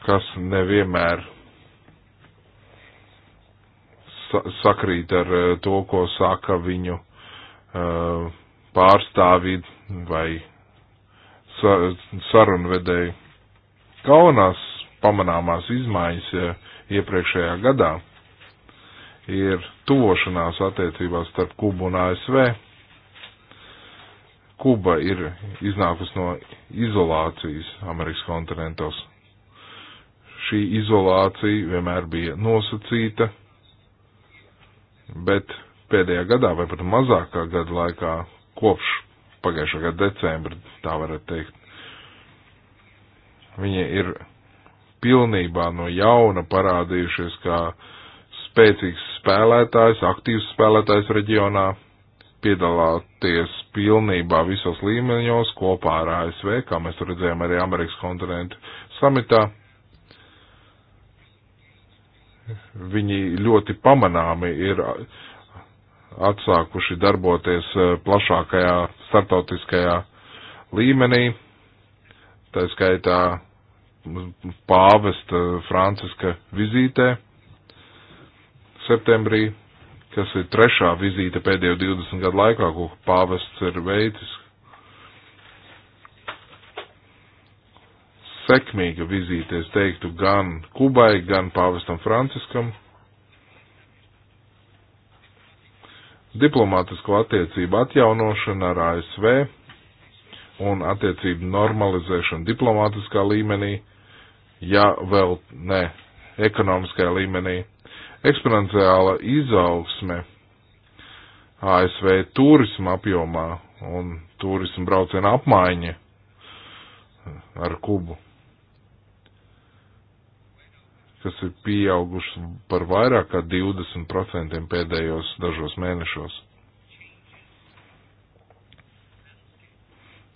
Speaker 2: kas nevienmēr sakrīt ar eh, to, ko saka viņu eh, pārstāvji vai sarunvedēji. Galvenās pamanāmās izmaiņas eh, iepriekšējā gadā ir tuvošanās attiecībās starp Kubu un ASV. Kuba ir iznākusi no izolācijas Amerikas kontinentos. Šī izolācija vienmēr bija nosacīta bet pēdējā gadā vai pat mazākā gada laikā kopš pagājušā gada decembra, tā varētu teikt, viņi ir pilnībā no jauna parādījušies kā spēcīgs spēlētājs, aktīvs spēlētājs reģionā, piedalāties pilnībā visos līmeņos kopā ar ASV, kā mēs redzējām arī Amerikas kontinentu samitā. Viņi ļoti pamanāmi ir atsākuši darboties eh, plašākajā startautiskajā līmenī, tā skaitā pāvesta Franciska vizītē septembrī, kas ir trešā vizīte pēdējo 20 gadu laikā, ko pāvests ir veicis sekmīga vizīte, es teiktu, gan Kubai, gan Pāvestam Franciskam. Diplomātisko attiecību atjaunošana ar ASV un attiecību normalizēšana diplomātiskā līmenī, ja vēl ne ekonomiskajā līmenī, eksponenciāla izaugsme ASV turisma apjomā un turismu braucienu apmaiņa ar Kubu kas ir pieaugušas par vairāk kā 20% pēdējos dažos mēnešos.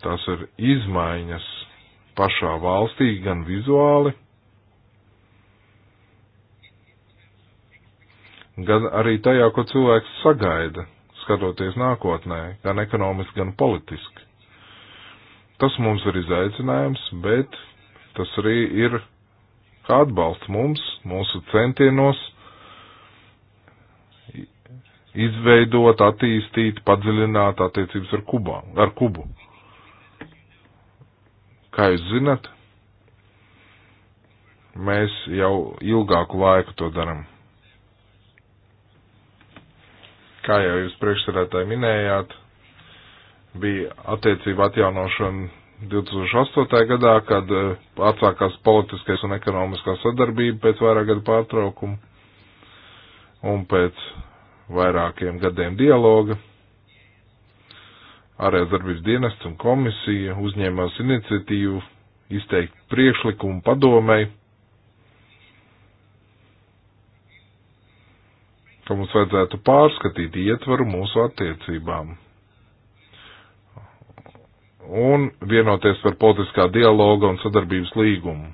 Speaker 2: Tās ir izmaiņas pašā valstī, gan vizuāli, gan arī tajā, ko cilvēks sagaida, skatoties nākotnē, gan ekonomiski, gan politiski. Tas mums ir izaicinājums, bet tas arī ir kā atbalsts mums, mūsu centienos izveidot, attīstīt, padziļināt attiecības ar, Kubā, ar Kubu. Kā jūs zinat, mēs jau ilgāku laiku to darām. Kā jau jūs priekšsēdētāji minējāt, bija attiecība atjaunošana 2008. gadā, kad eh, atsākās politiskais un ekonomiskā sadarbība pēc vairāk gadu pārtraukuma un pēc vairākiem gadiem dialoga. Ārējās darbības dienests un komisija uzņēmās iniciatīvu izteikt priekšlikumu padomei, ka mums vajadzētu pārskatīt ietvaru mūsu attiecībām un vienoties par politiskā dialoga un sadarbības līgumu.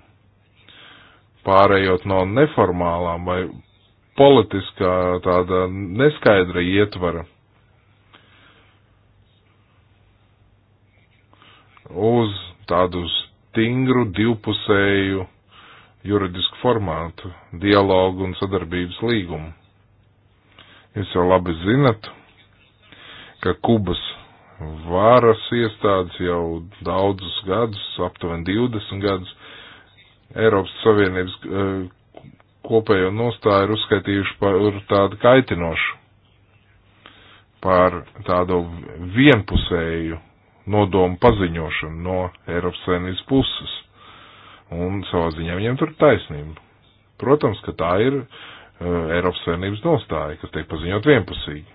Speaker 2: Pārējot no neformālām vai politiskā tāda neskaidra ietvara uz tādu stingru divpusēju juridisku formātu, dialogu un sadarbības līgumu. Jūs jau labi zinat, ka Kubas varas iestādes jau daudzus gadus, aptuveni 20 gadus, Eiropas Savienības eh, kopējo nostāju ir uzskaitījuši par tādu kaitinošu, par tādu vienpusēju nodomu paziņošanu no Eiropas Savienības puses. Un savā ziņā viņiem tur ir taisnība. Protams, ka tā ir uh, Eiropas Savienības nostāja, kas tiek paziņot vienpusīgi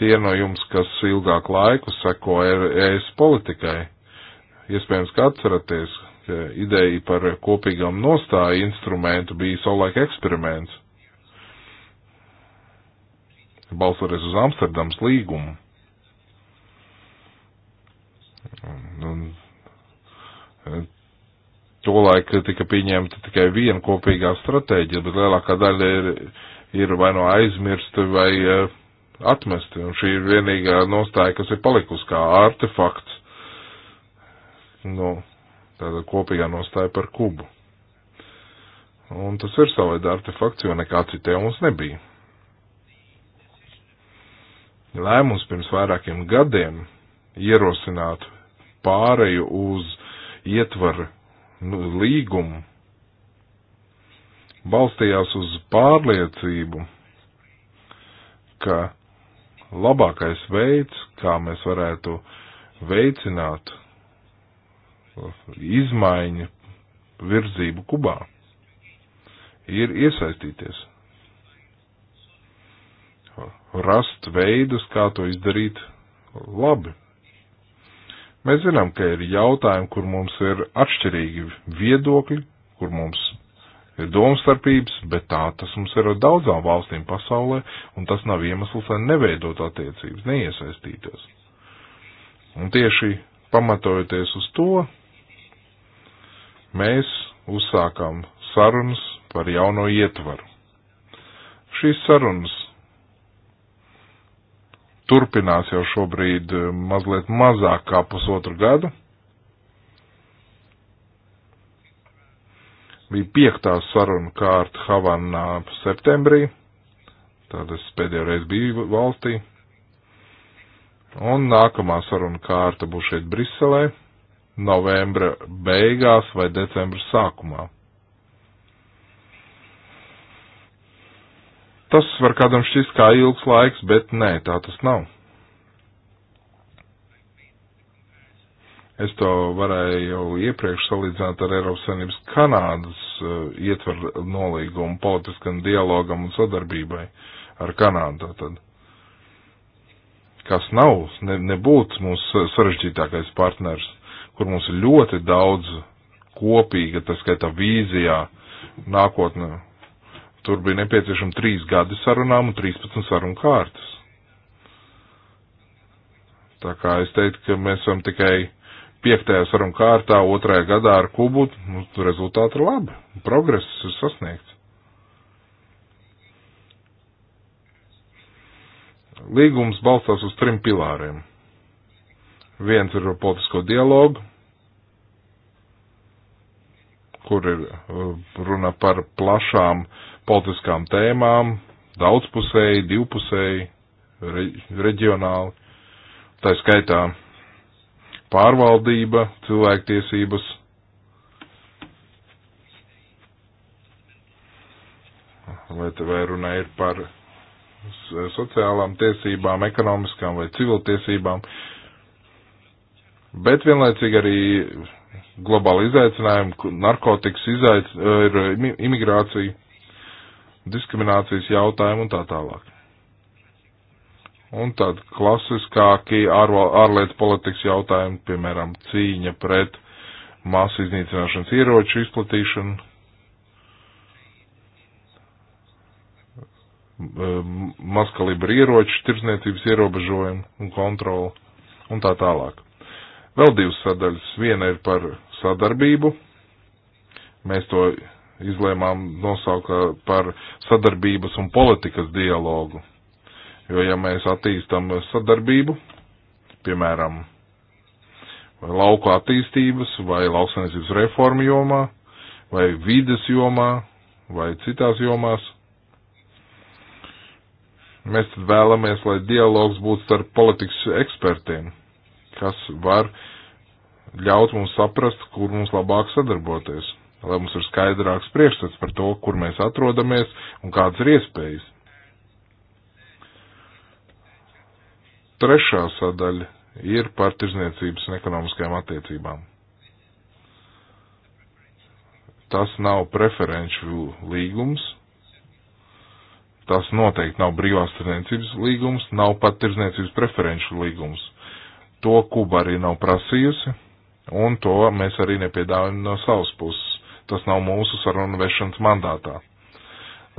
Speaker 2: tie no jums, kas ilgāk laiku seko ES e politikai, iespējams, ka atceraties, ka ideja par kopīgām nostāju instrumentu bija savulaik eksperiments, balsoties uz Amsterdams līgumu. Un, un, tolaik tika pieņemta tikai viena kopīgā stratēģija, bet lielākā daļa ir, ir vai no aizmirsta, vai uh, atmesti. Un šī ir vienīgā nostāja, kas ir palikusi kā artefakts no nu, tāda kopīgā nostāja par Kubu. Un tas ir savaida artefakts, jo nekā citē mums nebija. Lēmums pirms vairākiem gadiem ierosināt pāreju uz ietvaru nu, līgumu balstījās uz pārliecību, ka labākais veids, kā mēs varētu veicināt izmaiņu virzību Kubā, ir iesaistīties. Rast veidus, kā to izdarīt labi. Mēs zinām, ka ir jautājumi, kur mums ir atšķirīgi viedokļi, kur mums ir domstarpības, bet tā tas mums ir ar daudzām valstīm pasaulē, un tas nav iemesls, lai neveidot attiecības, neiesaistīties. Un tieši pamatojoties uz to, mēs uzsākām sarunas par jauno ietvaru. Šīs sarunas turpinās jau šobrīd eh, mazliet mazāk kā pusotru gadu bija piektā saruna kārta Havanā septembrī, tad es pēdējo reizi biju valstī, un nākamā saruna kārta būs šeit Briselē, novembra beigās vai decembra sākumā. Tas var kādam šķist kā ilgs laiks, bet nē, tā tas nav. Es to varēju jau iepriekš salīdzināt ar Eiropas Savienības Kanādas eh, ietveru nolīgumu politiskam dialogam un sadarbībai ar Kanādu. Tātad. Kas nav, ne, nebūtu mūsu sarežģītākais partners, kur mums ir ļoti daudz kopīga, tas skaitā vīzijā nākotnē. Tur bija nepieciešama trīs gadi sarunām un 13 sarunu kārtas. Tā kā es teiktu, ka mēs varam tikai piektajā sarunu kārtā, otrajā gadā ar Kubu, nu, rezultāti ir labi, progress ir sasniegts. Līgums balstās uz trim pilāriem. Viens ir politisko dialogu, kur ir uh, runa par plašām politiskām tēmām, daudzpusēji, divpusēji, reģionāli. Tā skaitā pārvaldība, cilvēktiesības. Vai te vai runa ir par sociālām tiesībām, ekonomiskām vai civiltiesībām, bet vienlaicīgi arī globāli izaicinājumi, narkotikas izaic, ir imigrācija, diskriminācijas jautājumi un tā tālāk un tad klasiskākie ār, ārlietu politikas jautājumi, piemēram, cīņa pret masu iznīcināšanas ieroču izplatīšanu, maskalibra ieroču, tirsniecības ierobežojumu un kontroli un tā tālāk. Vēl divas sadaļas. Viena ir par sadarbību. Mēs to izlēmām nosaukt par sadarbības un politikas dialogu. Jo, ja mēs attīstam sadarbību, piemēram, lauku attīstības vai lauksainiecības reformu jomā, vai vides jomā, vai citās jomās, mēs tad vēlamies, lai dialogs būtu starp politikas ekspertiem, kas var ļaut mums saprast, kur mums labāk sadarboties, lai mums ir skaidrāks priekšstats par to, kur mēs atrodamies un kādas ir iespējas. Trešā sadaļa ir par tirzniecības un ekonomiskajām attiecībām. Tas nav preferenču līgums, tas noteikti nav brīvās tirzniecības līgums, nav pat tirzniecības preferenču līgums. To Kuba arī nav prasījusi, un to mēs arī nepiedāvājam no savas puses. Tas nav mūsu sarunu vešanas mandātā.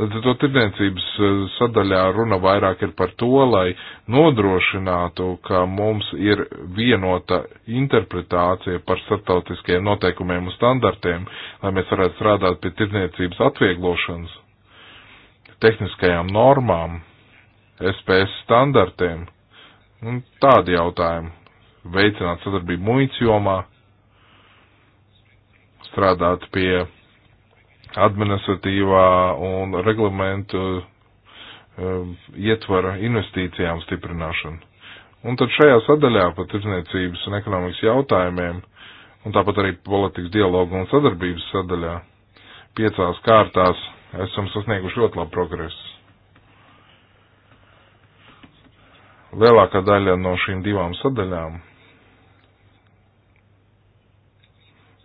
Speaker 2: Līdz ar to tirdzniecības eh, sadaļā runa vairāk ir par to, lai nodrošinātu, ka mums ir vienota interpretācija par starptautiskajiem noteikumiem un standartiem, lai mēs varētu strādāt pie tirdzniecības atvieglošanas, tehniskajām normām, SPS standartiem un tādi jautājumi. Veicināt sadarbību muitas jomā, strādāt pie administratīvā un reglamentu um, ietvara investīcijām stiprināšanu. Un tad šajā sadaļā par tirdzniecības un ekonomikas jautājumiem, un tāpat arī politikas dialogu un sadarbības sadaļā, piecās kārtās esam sasnieguši ļoti labu progresu. Lielākā daļa no šīm divām sadaļām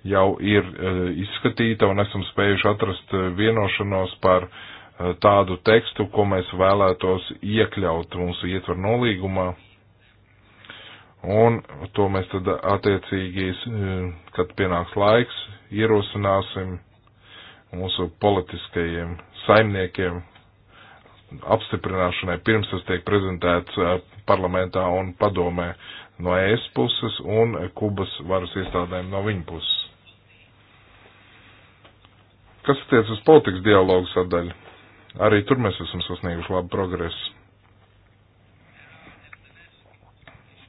Speaker 2: jau ir e, izskatīta un esam spējuši atrast e, vienošanos par e, tādu tekstu, ko mēs vēlētos iekļaut mūsu ietver nolīgumā. Un to mēs tad attiecīgi, kad pienāks laiks, ierosināsim mūsu politiskajiem saimniekiem apstiprināšanai, pirms tas tiek prezentēts parlamentā un padomē no ES puses un Kubas varas iestādēm no viņa puses. Kas attiec uz politikas dialogu sadaļu? Arī tur mēs esam sasnieguši labu progresu.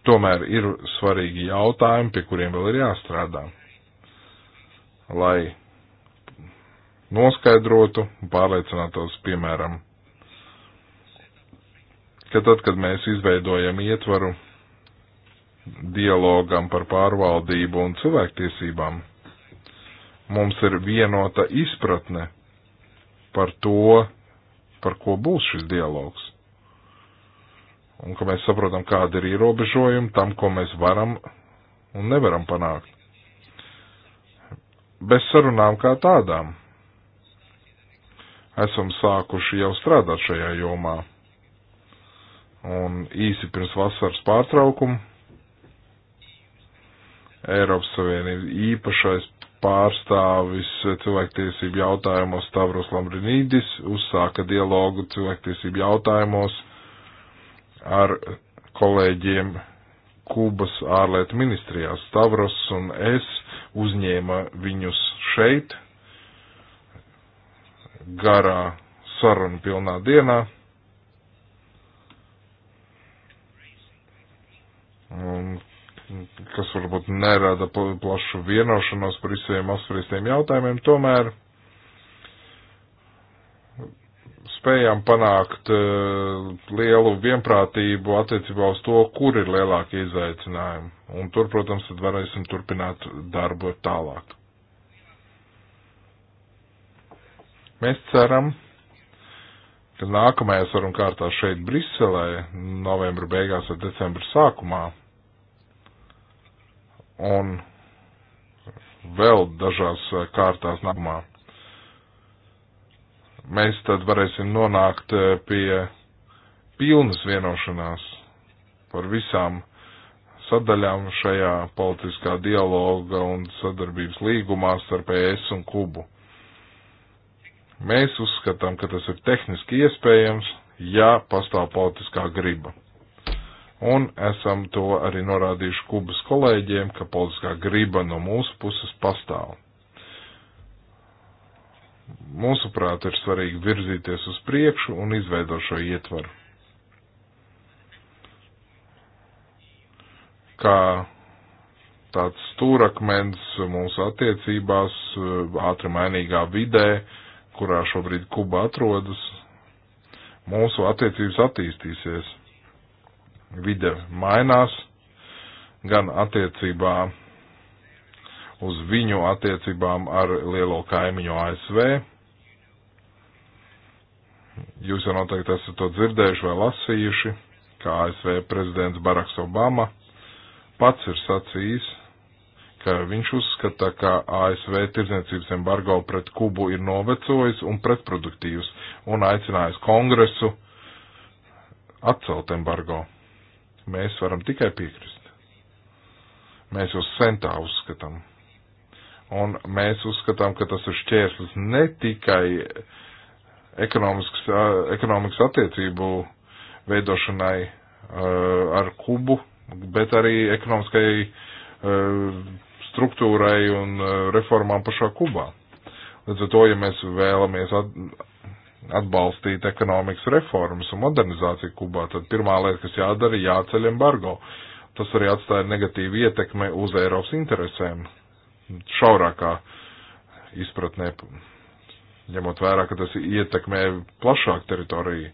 Speaker 2: Tomēr ir svarīgi jautājumi, pie kuriem vēl ir jāstrādā, lai noskaidrotu un pārliecinātos, piemēram, ka tad, kad mēs izveidojam ietvaru dialogam par pārvaldību un cilvēktiesībām, mums ir vienota izpratne par to, par ko būs šis dialogs. Un ka mēs saprotam, kāda ir ierobežojuma tam, ko mēs varam un nevaram panākt. Bez sarunām kā tādām esam sākuši jau strādāt šajā jomā. Un īsi pirms vasaras pārtraukuma Eiropas Savienības īpašais pārstāvis cilvēktiesību jautājumos Stavros Lambrinīdis uzsāka dialogu cilvēktiesību jautājumos ar kolēģiem Kubas ārlietu ministrijās. Stavros un es uzņēma viņus šeit garā sarunu pilnā dienā. Un kas varbūt nerada plašu vienošanos par visiem apspriestiem jautājumiem, tomēr spējām panākt eh, lielu vienprātību attiecībā uz to, kur ir lielākie izaicinājumi. Un tur, protams, tad varēsim turpināt darbu tālāk. Mēs ceram, ka nākamajā sarunkārtā šeit Briselē, novembra beigās vai decembra sākumā, un vēl dažās eh, kārtās nākamā. Mēs tad varēsim nonākt eh, pie pilnas vienošanās par visām sadaļām šajā politiskā dialoga un sadarbības līgumā starp ES un Kubu. Mēs uzskatām, ka tas ir tehniski iespējams, ja pastāv politiskā griba un esam to arī norādījuši Kubas kolēģiem, ka politiskā griba no mūsu puses pastāv. Mūsuprāt, ir svarīgi virzīties uz priekšu un izveidot šo ietvaru. Kā tāds stūrakmens mūsu attiecībās, ātri mainīgā vidē, kurā šobrīd Kuba atrodas, mūsu attiecības attīstīsies vide mainās, gan attiecībā uz viņu attiecībām ar lielo kaimiņu ASV. Jūs jau noteikti esat to dzirdējuši vai lasījuši, kā ASV prezidents Baraks Obama pats ir sacījis, ka viņš uzskata, ka ASV tirdzniecības embargo pret Kubu ir novecojis un pretproduktīvs un aicinājis kongresu atcelt embargo. Mēs varam tikai piekrist. Mēs jūs centā uzskatām. Un mēs uzskatām, ka tas ir šķērslis ne tikai ekonomikas, ekonomikas attiecību veidošanai ar Kubu, bet arī ekonomiskai struktūrai un reformām pašā Kubā. Līdz ar to, ja mēs vēlamies at atbalstīt ekonomikas reformas un modernizāciju Kubā, tad pirmā lieta, kas jādara, ir jāceļ embargo. Tas arī atstāja negatīvu ietekmi uz Eiropas interesēm šaurākā izpratnē, ņemot vērā, ka tas ietekmē plašāku teritoriju.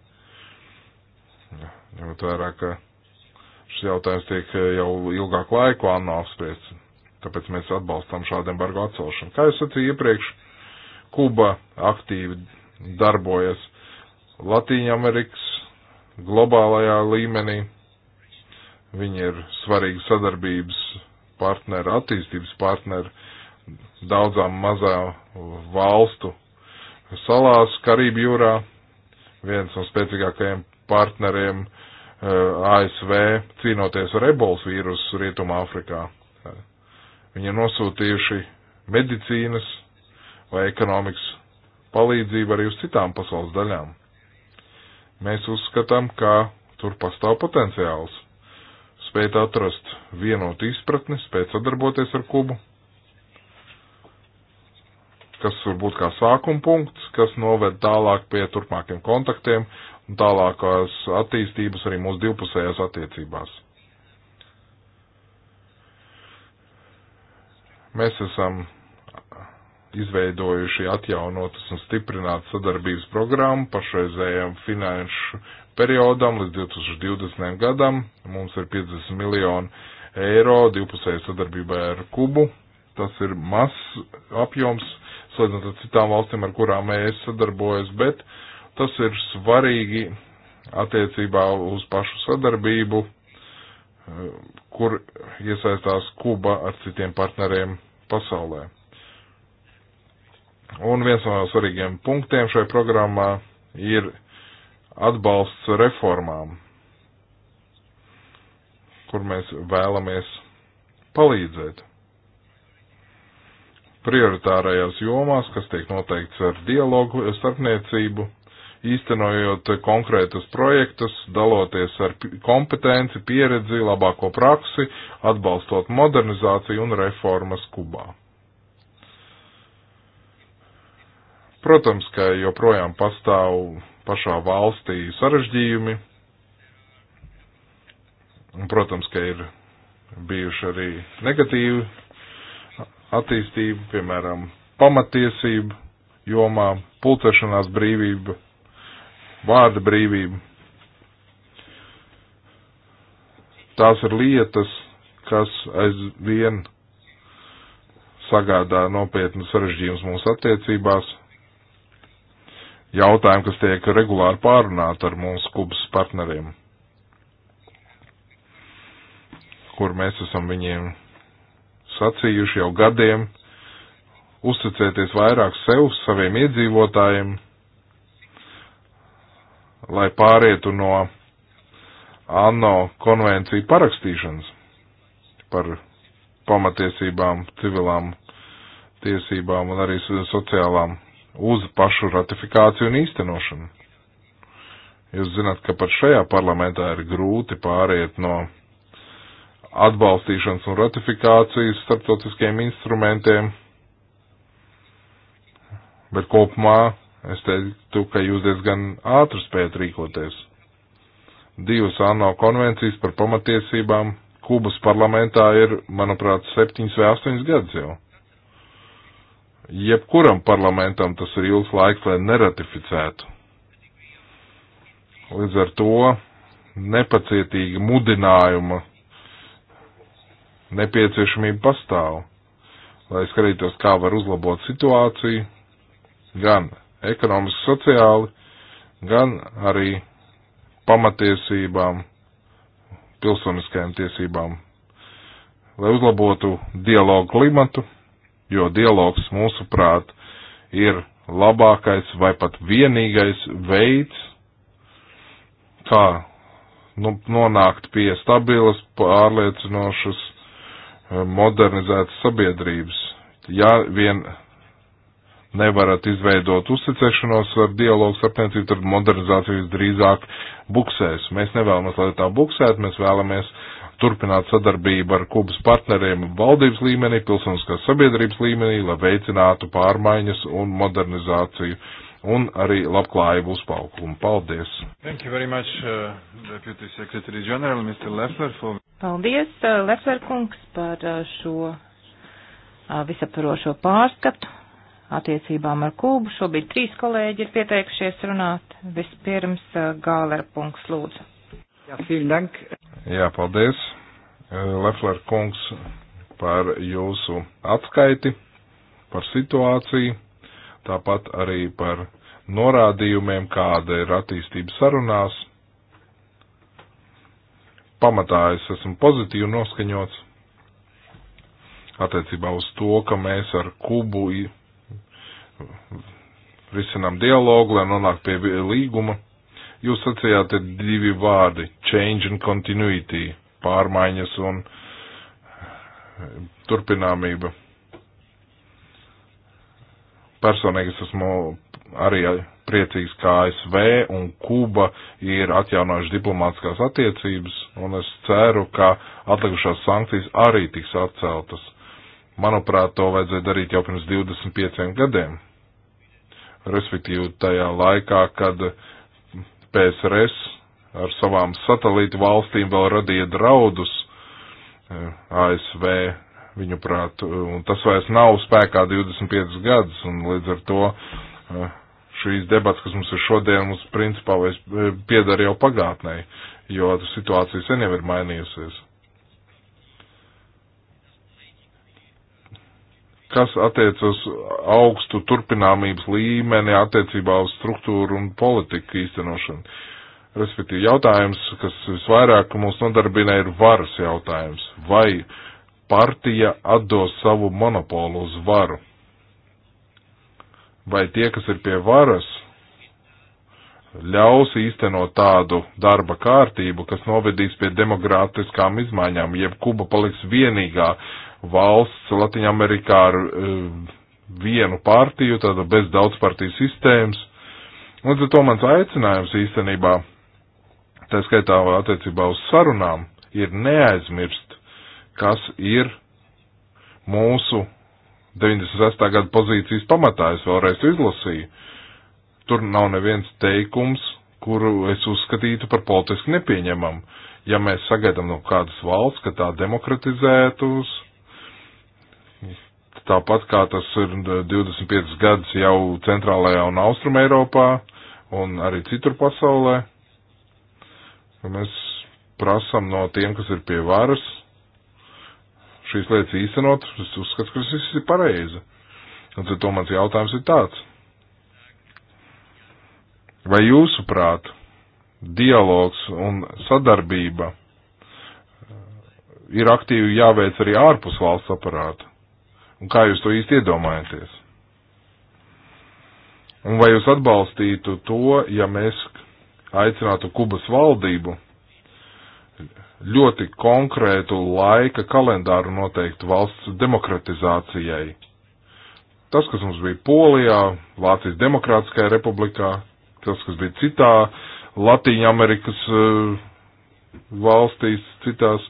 Speaker 2: Ņemot vērā, ka šis jautājums tiek jau ilgāku laiku ANO apspriests, tāpēc mēs atbalstām šādu embargo atcelšanu. Kā jau sacīju iepriekš, Kuba aktīvi darbojas Latīņa Amerikas globālajā līmenī. Viņi ir svarīgi sadarbības partneri, attīstības partneri daudzām mazā valstu salās Karību jūrā. Viens no spēcīgākajiem partneriem eh, ASV cīnoties ar ebolas vīrusu Rietumā Afrikā. Viņi ir nosūtījuši medicīnas vai ekonomikas palīdzību arī uz citām pasaules daļām. Mēs uzskatām, ka tur pastāv potenciāls. Spēt atrast vienotu izpratni, spēt sadarboties ar Kubu, kas var būt kā sākuma punkts, kas noved tālāk pie turpmākiem kontaktiem un tālākās attīstības arī mūsu divpusējās attiecībās. Mēs esam izveidojuši atjaunotas un stiprinātas sadarbības programmu pašreizējiem finanšu periodam līdz 2020. gadam. Mums ir 50 miljoni eiro divpusēji sadarbībai ar Kubu. Tas ir mazs apjoms, salīdzinot ar citām valstīm, ar kurām mēs e sadarbojas, bet tas ir svarīgi attiecībā uz pašu sadarbību, eh, kur iesaistās Kuba ar citiem partneriem pasaulē. Un viens no svarīgiem punktiem šai programmā ir atbalsts reformām, kur mēs vēlamies palīdzēt. Prioritārajās jomās, kas tiek noteikts ar dialogu starpniecību, īstenojot konkrētus projektus, daloties ar kompetenci, pieredzi, labāko praksi, atbalstot modernizāciju un reformas Kubā. Protams, ka joprojām pastāv pašā valstī sarežģījumi. Un, protams, ka ir bijuši arī negatīvi attīstība, piemēram, pamatiesība jomā, pulcešanās brīvība, vārda brīvība. Tās ir lietas, kas aizvien sagādā nopietnu sarežģījumus mūsu attiecībās jautājumi, kas tiek regulāri pārunāti ar mūsu kubas partneriem, kur mēs esam viņiem sacījuši jau gadiem, uzticēties vairāk sev, saviem iedzīvotājiem, lai pārietu no ANO konvenciju parakstīšanas par pamatiesībām, civilām tiesībām un arī sociālām uz pašu ratifikāciju un īstenošanu. Jūs zināt, ka pat šajā parlamentā ir grūti pāriet no atbalstīšanas un ratifikācijas starptautiskiem instrumentiem, bet kopumā es teiktu, ka jūs diezgan ātri spējat rīkoties. Divas ANO konvencijas par pamatiesībām Kubas parlamentā ir, manuprāt, septiņas vai astoņas gadus jau. Jebkuram parlamentam tas ir ilgs laiks, lai neratificētu. Līdz ar to nepacietīga mudinājuma nepieciešamība pastāv, lai skatītos, kā var uzlabot situāciju gan ekonomiski, sociāli, gan arī pamatiesībām, pilsoniskajām tiesībām, lai uzlabotu dialogu klimatu jo dialogs mūsuprāt ir labākais vai pat vienīgais veids, kā nu, nonākt pie stabilas, pārliecinošas, eh, modernizētas sabiedrības. Ja vien nevarat izveidot uzticēšanos ar dialogu starpniecību, tad modernizācijas drīzāk buksēs. Mēs nevēlamies, lai tā buksētu, mēs vēlamies turpināt sadarbību ar Kubas partneriem valdības līmenī, pilsoniskās sabiedrības līmenī, lai veicinātu pārmaiņas un modernizāciju un arī labklājību uzpaukumu. Paldies! Thank you very much, uh, Deputy Secretary General, Mr. Leffler, for...
Speaker 3: Paldies, uh, Leffler kungs, par uh, šo uh, visaparošo pārskatu attiecībām ar Kūbu. Šobrīd trīs kolēģi ir pieteikušies runāt. Vispirms uh, Gālera punkts lūdzu.
Speaker 4: Ja,
Speaker 2: vielen Dank. Jā, paldies, Lefler kungs, par jūsu atskaiti, par situāciju, tāpat arī par norādījumiem, kāda ir attīstība sarunās. Pamatā es esmu pozitīvi noskaņots attiecībā uz to, ka mēs ar Kubu risinām dialogu, lai nonāktu pie līguma. Jūs sacījāt divi vārdi - change and continuity - pārmaiņas un eh, turpināmība. Personīgi es esmu arī eh, priecīgs, ka ASV un Kuba ir atjaunojuši diplomātiskās attiecības, un es ceru, ka atlikušās sankcijas arī tiks atceltas. Manuprāt, to vajadzēja darīt jau pirms 25 gadiem. Respektīvi tajā laikā, kad uh, PSRS ar savām satelītu valstīm vēl radīja draudus eh, ASV, viņuprāt, un tas vairs nav spēkā 25 gadus, un līdz ar to eh, šīs debats, kas mums ir šodien, mums principā vairs eh, piedara jau pagātnē, jo situācija sen jau ir mainījusies. kas attiec uz augstu turpināmības līmeni attiecībā uz struktūru un politiku īstenošanu. Respektīvi, jautājums, kas visvairāk mūs nodarbina, ir varas jautājums. Vai partija atdos savu monopolu uz varu? Vai tie, kas ir pie varas, ļaus īstenot tādu darba kārtību, kas novedīs pie demokrātiskām izmaiņām, jeb Kuba paliks vienīgā valsts Latvijā Amerikā ar e, vienu partiju, tāda bez daudzpartiju sistēmas. Līdz ar to mans aicinājums īstenībā, tā skaitā attiecībā uz sarunām, ir neaizmirst, kas ir mūsu 96. gada pozīcijas pamatā. Es vēlreiz izlasīju. Tur nav neviens teikums, kuru es uzskatītu par politiski nepieņemamu. Ja mēs sagaidām no kādas valsts, ka tā demokratizētos, tāpat kā tas ir 25 gadus jau centrālajā un austrum Eiropā un arī citur pasaulē. Mēs prasam no tiem, kas ir pie varas, šīs lietas īstenot, es uzskatu, ka tas viss ir pareizi. Un tad to mans jautājums ir tāds. Vai jūsuprāt, dialogs un sadarbība ir aktīvi jāveic arī ārpus valsts aparāta? Un kā jūs to īsti iedomājaties? Un vai jūs atbalstītu to, ja mēs aicinātu Kubas valdību ļoti konkrētu laika kalendāru noteiktu valsts demokratizācijai? Tas, kas mums bija Polijā, Vācijas Demokrātiskajā republikā, tas, kas bija citā Latīņa Amerikas eh, valstīs, citās,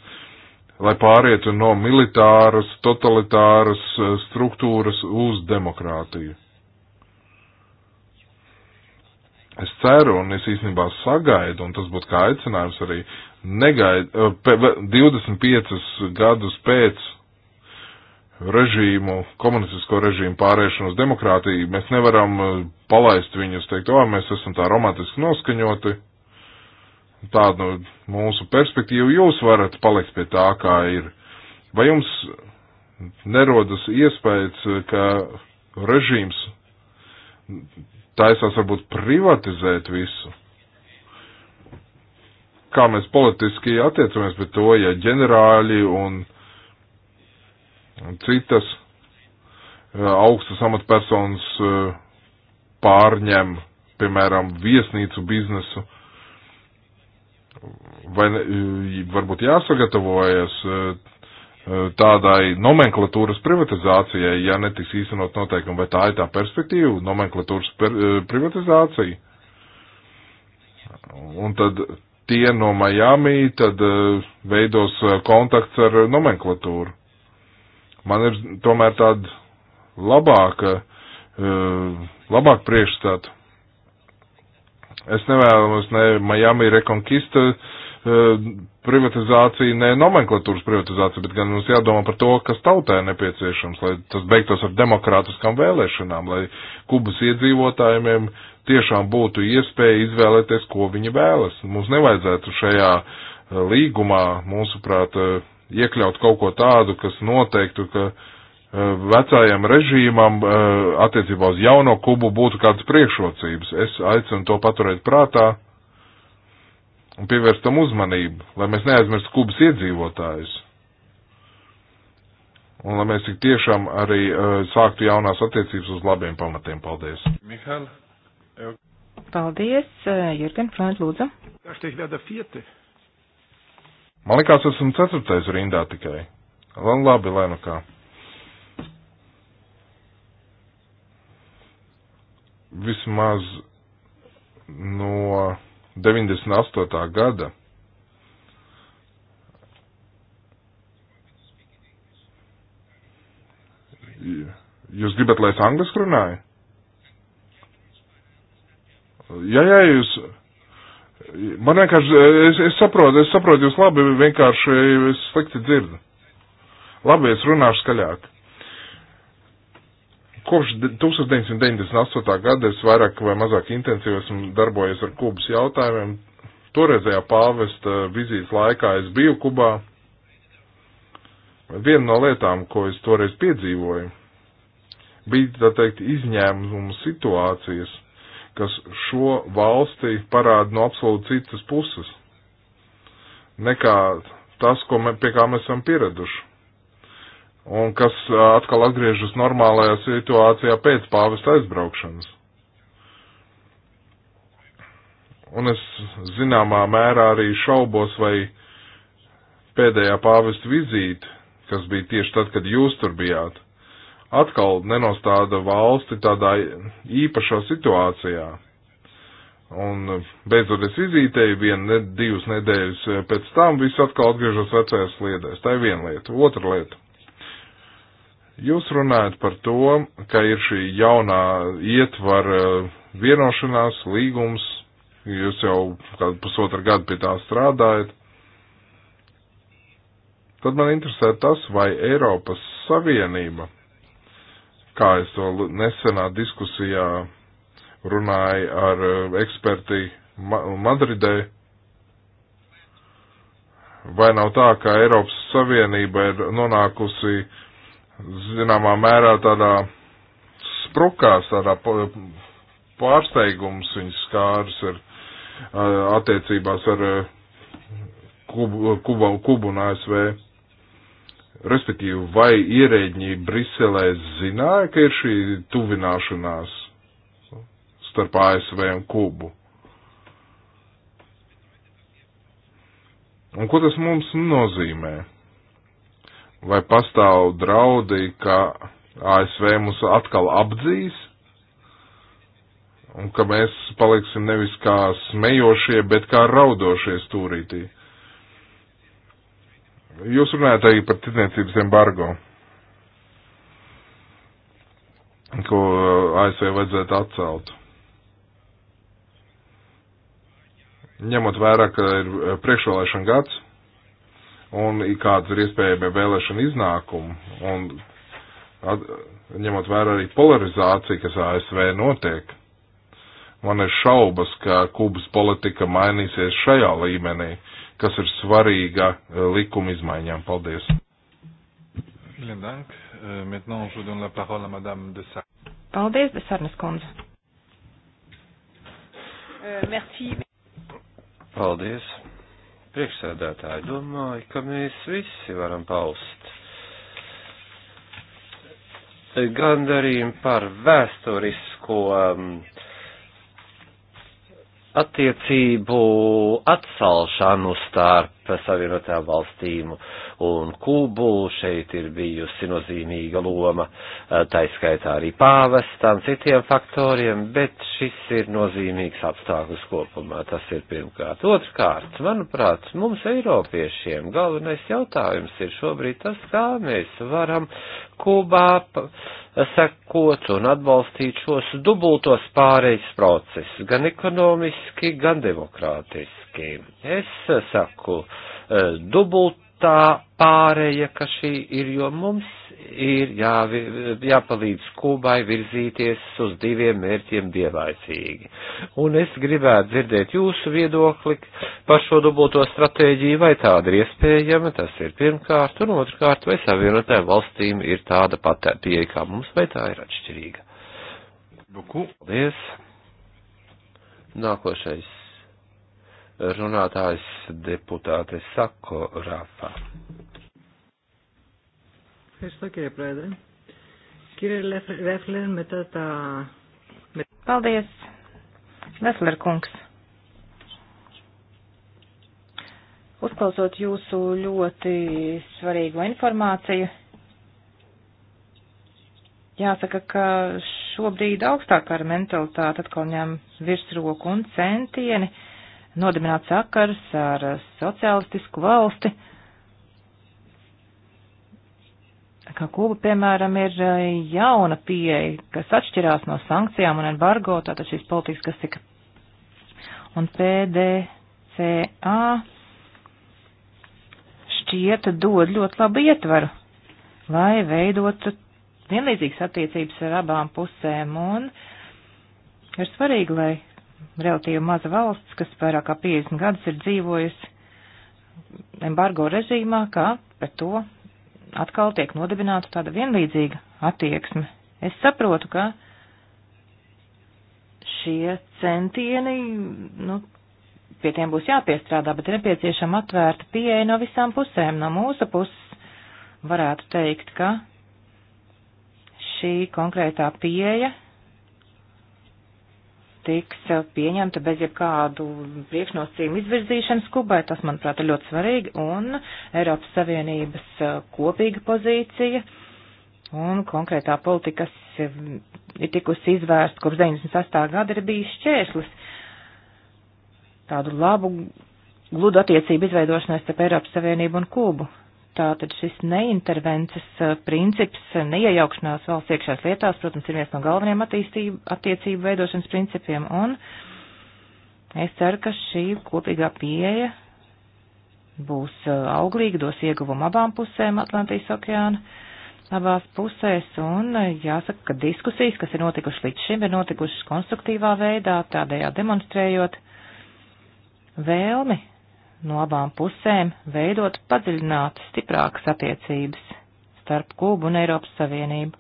Speaker 2: lai pārietu no militāras, totalitāras eh, struktūras uz demokrātiju. Es ceru un es īstenībā sagaidu, un tas būtu kā aicinājums arī, negaid, 25 eh, gadus pēc režīmu, komunistisko režīmu pārēšanu uz demokrātiju, mēs nevaram eh, palaist viņus, teikt, o, mēs esam tā romantiski noskaņoti, tāda mūsu perspektīva, jūs varat palikt pie tā, kā ir. Vai jums nerodas iespējas, ka režīms taisās varbūt privatizēt visu? Kā mēs politiski attiecamies pret to, ja ģenerāļi un citas eh, augstas amatpersonas eh, pārņem, piemēram, viesnīcu biznesu? vai e, varbūt jāsagatavojas e, e, tādai nomenklatūras privatizācijai, ja netiks īstenot noteikumi, vai tā ir tā perspektīva, nomenklatūras per, privatizācija. Un tad tie no Miami tad veidos kontakts ar nomenklatūru. Man ir tomēr tāda labāka, labāk priekšstata Es nevēlos ne Miami Reconquista uh, privatizāciju, ne nomenklatūras privatizāciju, bet gan mums jādomā par to, kas tautē nepieciešams, lai tas beigtos ar demokrātiskām vēlēšanām, lai Kubas iedzīvotājiem tiešām būtu iespēja izvēlēties, ko viņi vēlas. Mums nevajadzētu šajā eh, līgumā, mūsuprāt, eh, iekļaut kaut ko tādu, kas noteiktu, ka uh, vecajam režīmam eh, attiecībā uz jauno Kubu būtu kādas priekšrocības. Es aicinu to paturēt prātā un pievērst tam uzmanību, lai mēs neaizmirst Kubas iedzīvotājus. Un lai mēs tik tiešām arī uh, sāktu jaunās attiecības uz labiem pamatiem. Paldies! Mihal,
Speaker 3: jau. Eh, Paldies, Jurgen Frant, lūdzu.
Speaker 2: Man likās, esmu ceturtais rindā tikai. Labi, lai nu kā. vismaz no 98. gada. Jūs gribat, lai es angliski runāju? Jā, jā, jūs. Man vienkārši, es, es saprotu, es saprotu jūs labi, vienkārši es slikti dzirdu. Labi, es runāšu skaļāk. Kopš 1998. gada es vairāk vai mazāk intensīvi esmu darbojies ar Kubas jautājumiem. Toreizējā pāvesta vizītes laikā es biju Kubā. Viena no lietām, ko es toreiz piedzīvoju, bija, tā teikt, izņēmumu situācijas, kas šo valsti parāda no absolūti citas puses nekā tas, ko me, pie kā mēs esam pieraduši un kas atkal atgriežas normālajā situācijā pēc pāvesta aizbraukšanas. Un es zināmā mērā arī šaubos, vai pēdējā pāvesta vizīte, kas bija tieši tad, kad jūs tur bijāt, atkal nenostāda valsti tādā īpašā situācijā. Un beidzoties vizītei, viena, ne, divas nedēļas pēc tam viss atkal atgriežas vecajās sliedēs. Tā ir viena lieta. Otra lieta Jūs runājat par to, ka ir šī jaunā ietvara vienošanās, līgums, jūs jau kādu pusotru gadu pie tā strādājat. Tad man interesē tas, vai Eiropas Savienība, kā es to nesenā diskusijā runāju ar uh, eksperti Madridē, vai nav tā, ka Eiropas Savienība ir nonākusi zināmā mērā tādā sprukās, tādā pārsteigums viņas skārs ar attiecībās ar e, Kubu, Kubu, Kubu un ASV. Respektīvi, vai ierēģi Briselē zināja, ka ir šī tuvināšanās starp ASV un Kubu? Un ko tas mums nozīmē? vai pastāv draudi, ka ASV mūs atkal apdzīs, un ka mēs paliksim nevis kā smejošie, bet kā raudošie stūrītī. Jūs runājat arī par tirniecības embargo, ko ASV vajadzētu atcelt. Ņemot vērā, ka ir priekšvēlēšana gads, un kādas ir iespējami vēlēšana iznākumi. Un at, ņemot vērā arī polarizāciju, kas ASV notiek, man ir šaubas, ka Kubas politika mainīsies šajā līmenī, kas ir svarīga eh, likuma izmaiņām. Paldies! Euh,
Speaker 3: Paldies, Besarnes kundze! Euh,
Speaker 1: Paldies! Priekšsēdētāji domāju, ka mēs visi varam paust gandarījumu par vēsturisko um, attiecību atcelšanu starp Savienotām valstīm un Kubu. Šeit ir bijusi nozīmīga loma, eh, tā izskaitā arī pāvestam, citiem faktoriem, bet šis ir nozīmīgs apstākļus kopumā. Tas ir pirmkārt. Otrkārt, manuprāt, mums Eiropiešiem galvenais jautājums ir šobrīd tas, kā mēs varam Kubā sekot un atbalstīt šos dubultos pārejas procesus, gan ekonomiski, gan demokrātiski cilvēki. Es saku, e, dubultā pārēja, ka šī ir, jo mums ir jā, jāpalīdz Kūbai virzīties uz diviem mērķiem dievaicīgi. Un es gribētu dzirdēt jūsu viedokli par šo dubulto stratēģiju, vai tāda ir iespējama, tas ir pirmkārt, un otrkārt, vai savienotājiem valstīm ir tāda pat pieeja kā mums, vai tā ir atšķirīga. Paldies! Nākošais runātājs deputāte Sako Rafa.
Speaker 3: Ευχαριστώ κύριε Πρόεδρε. Κύριε Ρέφλερ, μετά τα... Paldies, Vesler kungs. Uzklausot jūsu ļoti svarīgo informāciju, jāsaka, ka šobrīd augstākā mentalitāte atkal ņem virsroku un centieni uh, nodibināt sakars ar sociālistisku valsti, kā Kuba, piemēram, ir e, jauna pieeja, kas atšķirās no sankcijām un embargo, tātad šīs politikas, kas tika. Un PDCA šķieta dod ļoti labu ietvaru, lai veidotu vienlīdzīgas attiecības ar abām pusēm, un ir svarīgi, lai relatīvi maza valsts, kas vairāk kā 50 gadus ir dzīvojusi embargo režīmā, kā pret to atkal tiek nodibināta tāda vienlīdzīga attieksme. Es saprotu, ka šie centieni, nu, pie tiem būs jāpiestrādā, bet ir nepieciešama atvērta pieeja no visām pusēm. No mūsu puses varētu teikt, ka šī konkrētā pieeja tiks pieņemta bez jebkādu priekšnosacījumu izvirzīšanas Kubai. Tas, manuprāt, ir ļoti svarīgi un Eiropas Savienības e, kopīga pozīcija un konkrētā politika, kas e, ir tikusi izvērsta kopš 98. gada, ir bijis šķērslis tādu labu gludu attiecību izveidošanai starp Eiropas Savienību un Kubu. Tātad šis neintervences eh, princips, eh, neiejaukšanās valsts iekšās lietās, protams, ir viens no galvenajiem attiecību veidošanas principiem, un es ceru, ka šī kopīgā pieeja būs eh, auglīga, dos ieguvumu abām pusēm Atlantijas okeāna, abās pusēs, un jāsaka, ka diskusijas, kas ir notikušas līdz šim, ir notikušas konstruktīvā veidā, tādējā demonstrējot vēlmi no abām pusēm veidot padziļinātas, stiprākas attiecības starp Kūbu un Eiropas Savienību.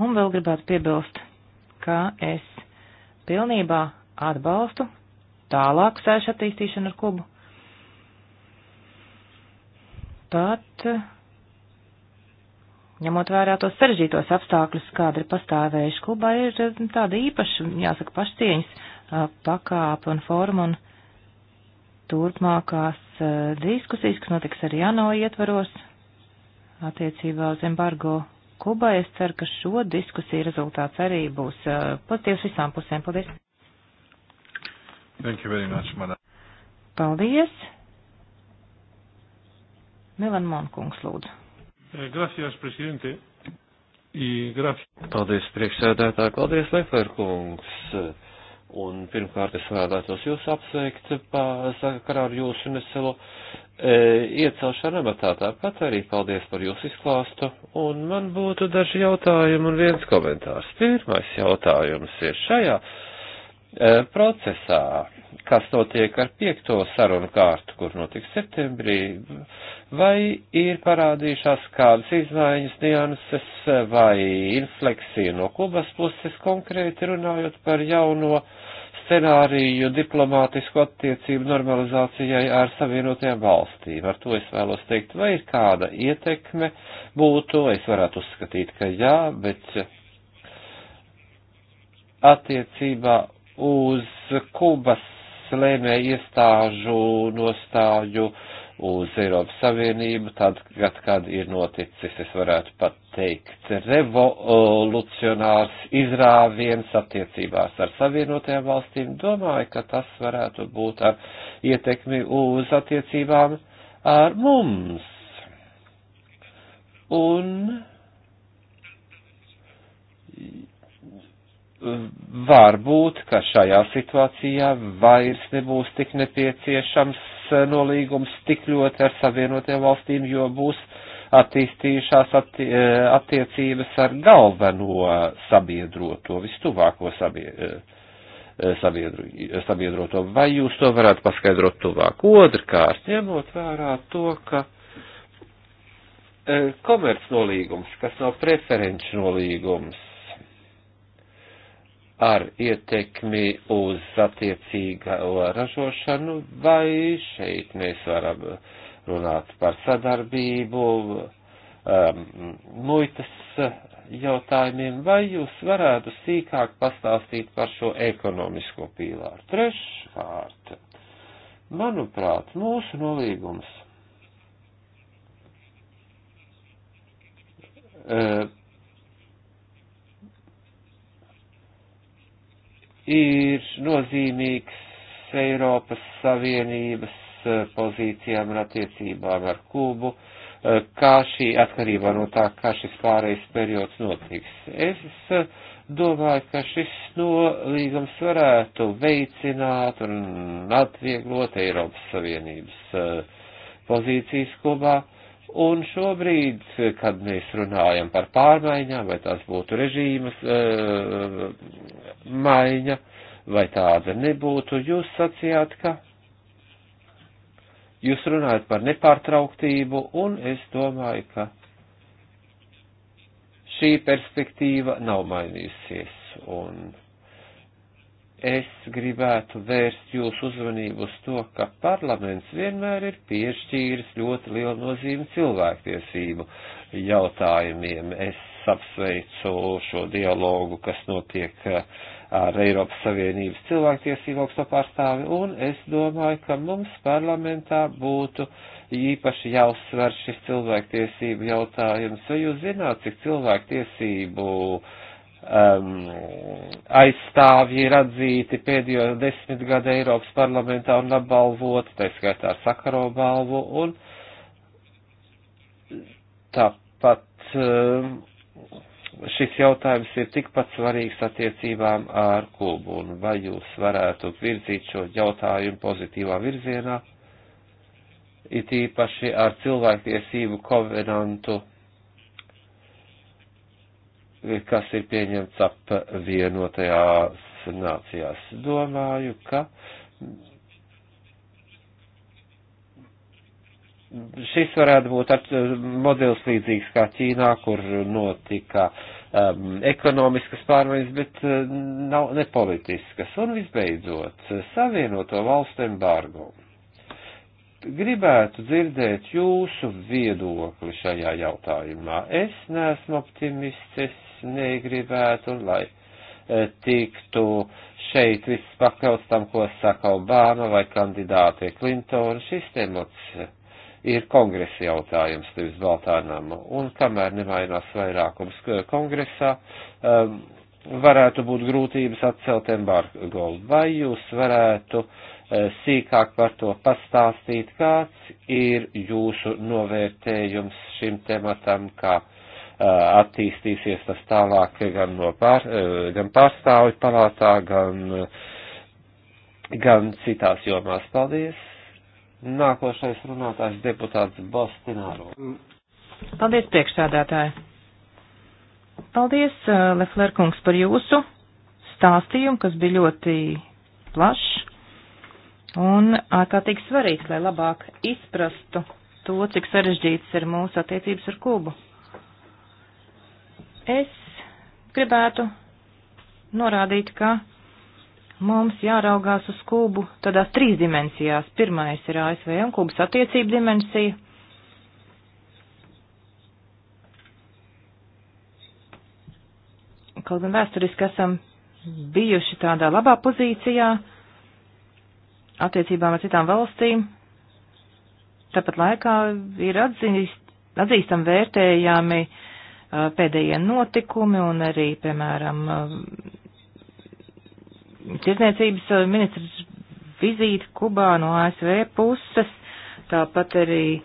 Speaker 3: Un vēl gribētu piebilst, ka es pilnībā atbalstu tālāku sēšu attīstīšanu ar Kubu. Pat ņemot vērā tos sarežģītos apstākļus, kāda ir pastāvējuši Kubā, ir tāda īpaša, jāsaka, pašcieņas pakāpe un forma. Un turpmākās eh, diskusijas, kas notiks arī ANO ietvaros attiecībā uz embargo Kubā. Es ceru, ka šo diskusiju rezultāts arī būs eh, pozitīvs visām pusēm. Paldies!
Speaker 2: Thank you very much, madam.
Speaker 3: Paldies! Milan Monkungs, lūdzu.
Speaker 4: Eh, gracias, presidente.
Speaker 1: Paldies, priekšsēdētāji. Paldies, Leferkungs. Un pirmkārt es vēlētos jūs apsveikt sakarā ar jūsu neselo e, iecelšanu amatā. Tāpat arī paldies par jūsu izklāstu. Un man būtu daži jautājumi un viens komentārs. Pirmais jautājums ir šajā e, procesā kas notiek ar piekto sarunu kārtu, kur notiks septembrī, vai ir parādījušās kādas izmaiņas, nianses vai infleksija no Kubas puses, konkrēti runājot par jauno scenāriju diplomātisku attiecību normalizācijai ar savienotajām valstīm. Ar to es vēlos teikt, vai ir kāda ietekme būtu, es varētu uzskatīt, ka jā, bet attiecībā uz Kubas lēmēja iestāžu nostāju uz Eiropas Savienību, tad, kad, kad ir noticis, es varētu pat teikt, revolucionārs izrāviens attiecībās ar Savienotajām valstīm, domāju, ka tas varētu būt ar ietekmi uz attiecībām ar mums. Un var būt, ka šajā situācijā vairs nebūs tik nepieciešams nolīgums tik ļoti ar savienotajām valstīm, jo būs attīstījušās atti eh, attiecības ar galveno sabiedroto, vistuvāko sabiedroto. Eh, sabiedru, sabiedroto. Vai jūs to varētu paskaidrot tuvāk? Otrkārt, ņemot vērā to, ka eh, komerc nolīgums, kas nav preferenču nolīgums, ar ietekmi uz attiecīgo ražošanu, vai šeit mēs varam runāt par sadarbību, um, muitas jautājumiem, vai jūs varētu sīkāk pastāstīt par šo ekonomisko pīlāru. Treškārt, manuprāt, mūsu nolīgums. Uh, ir nozīmīgs Eiropas Savienības eh, pozīcijām un attiecībām ar Kubu, eh, kā šī atkarībā no tā, kā šis pārējais periods notiks. Es eh, domāju, ka šis nolīgums varētu veicināt un atvieglot Eiropas Savienības pozīcijas Kubā Un šobrīd, kad mēs runājam par pārmaiņām, vai tās būtu režīmas uh, maiņa, vai tāda nebūtu, jūs sacījāt, ka jūs runājat par nepārtrauktību, un es domāju, ka šī perspektīva nav mainījusies. Un es gribētu vērst jūsu uzmanību uz to, ka parlaments vienmēr ir piešķīris ļoti lielu nozīmi cilvēktiesību jautājumiem. Es apsveicu šo dialogu, kas notiek eh, ar Eiropas Savienības cilvēktiesību augsto pārstāvi, un es domāju, ka mums parlamentā būtu īpaši jāuzsver šis cilvēktiesību jautājums, vai jūs zināt, cik cilvēktiesību uh, um, aizstāvji ir atzīti pēdējo desmit gadu Eiropas parlamentā un apbalvoti, tā skaitā ar Sakaro balvu, un tāpat um, šis jautājums ir tikpat svarīgs attiecībām ar Kubu, un vai jūs varētu virzīt šo jautājumu pozitīvā virzienā, it īpaši ar cilvēktiesību kovenantu kas ir pieņemts apvienotajās nācijās. Domāju, ka šis varētu būt modelis līdzīgs kā Ķīnā, kur notika um, ekonomiskas pārmaiņas, bet uh, nav nepolitiskas. Un visbeidzot, savienoto valstu embargo. Gribētu dzirdēt jūsu viedokli šajā jautājumā. Es neesmu optimists, es negribētu, lai e, tiktu šeit viss pakauts tam, ko saka Obama vai kandidāte Klintona. Šis temats ir kongresa jautājums, nevis Baltānam. Un kamēr nemainās vairākums kongresā, um, varētu būt grūtības atcelt embargo. Vai jūs varētu uh, sīkāk par to pastāstīt, kāds ir jūsu novērtējums šim tematam, kā uh, Eh, attīstīsies tas tālāk gan, no pār, eh, gan pārstāvju palātā, gan, eh, gan citās jomās. Paldies! Nākošais runātājs deputāts Bostināro.
Speaker 3: Paldies, priekšsādātāji! Paldies, Leflerkungs, par jūsu stāstījumu, kas bija ļoti plašs un ārkārtīgi svarīgs, lai labāk izprastu to, cik sarežģīts ir mūsu attiecības ar Kubu. Es gribētu norādīt, ka mums jāraugās uz Kubu tādās trīs dimensijās. Pirmais ir ASV un Kubas attiecību dimensija. Kaut gan vēsturiski esam bijuši tādā labā pozīcijā attiecībām ar citām valstīm, tāpat laikā ir atzīst, atzīstam vērtējami uh, Uh, pēdējie notikumi un arī, piemēram, uh, tirdzniecības uh, ministrs vizīte Kubā no ASV puses, tāpat arī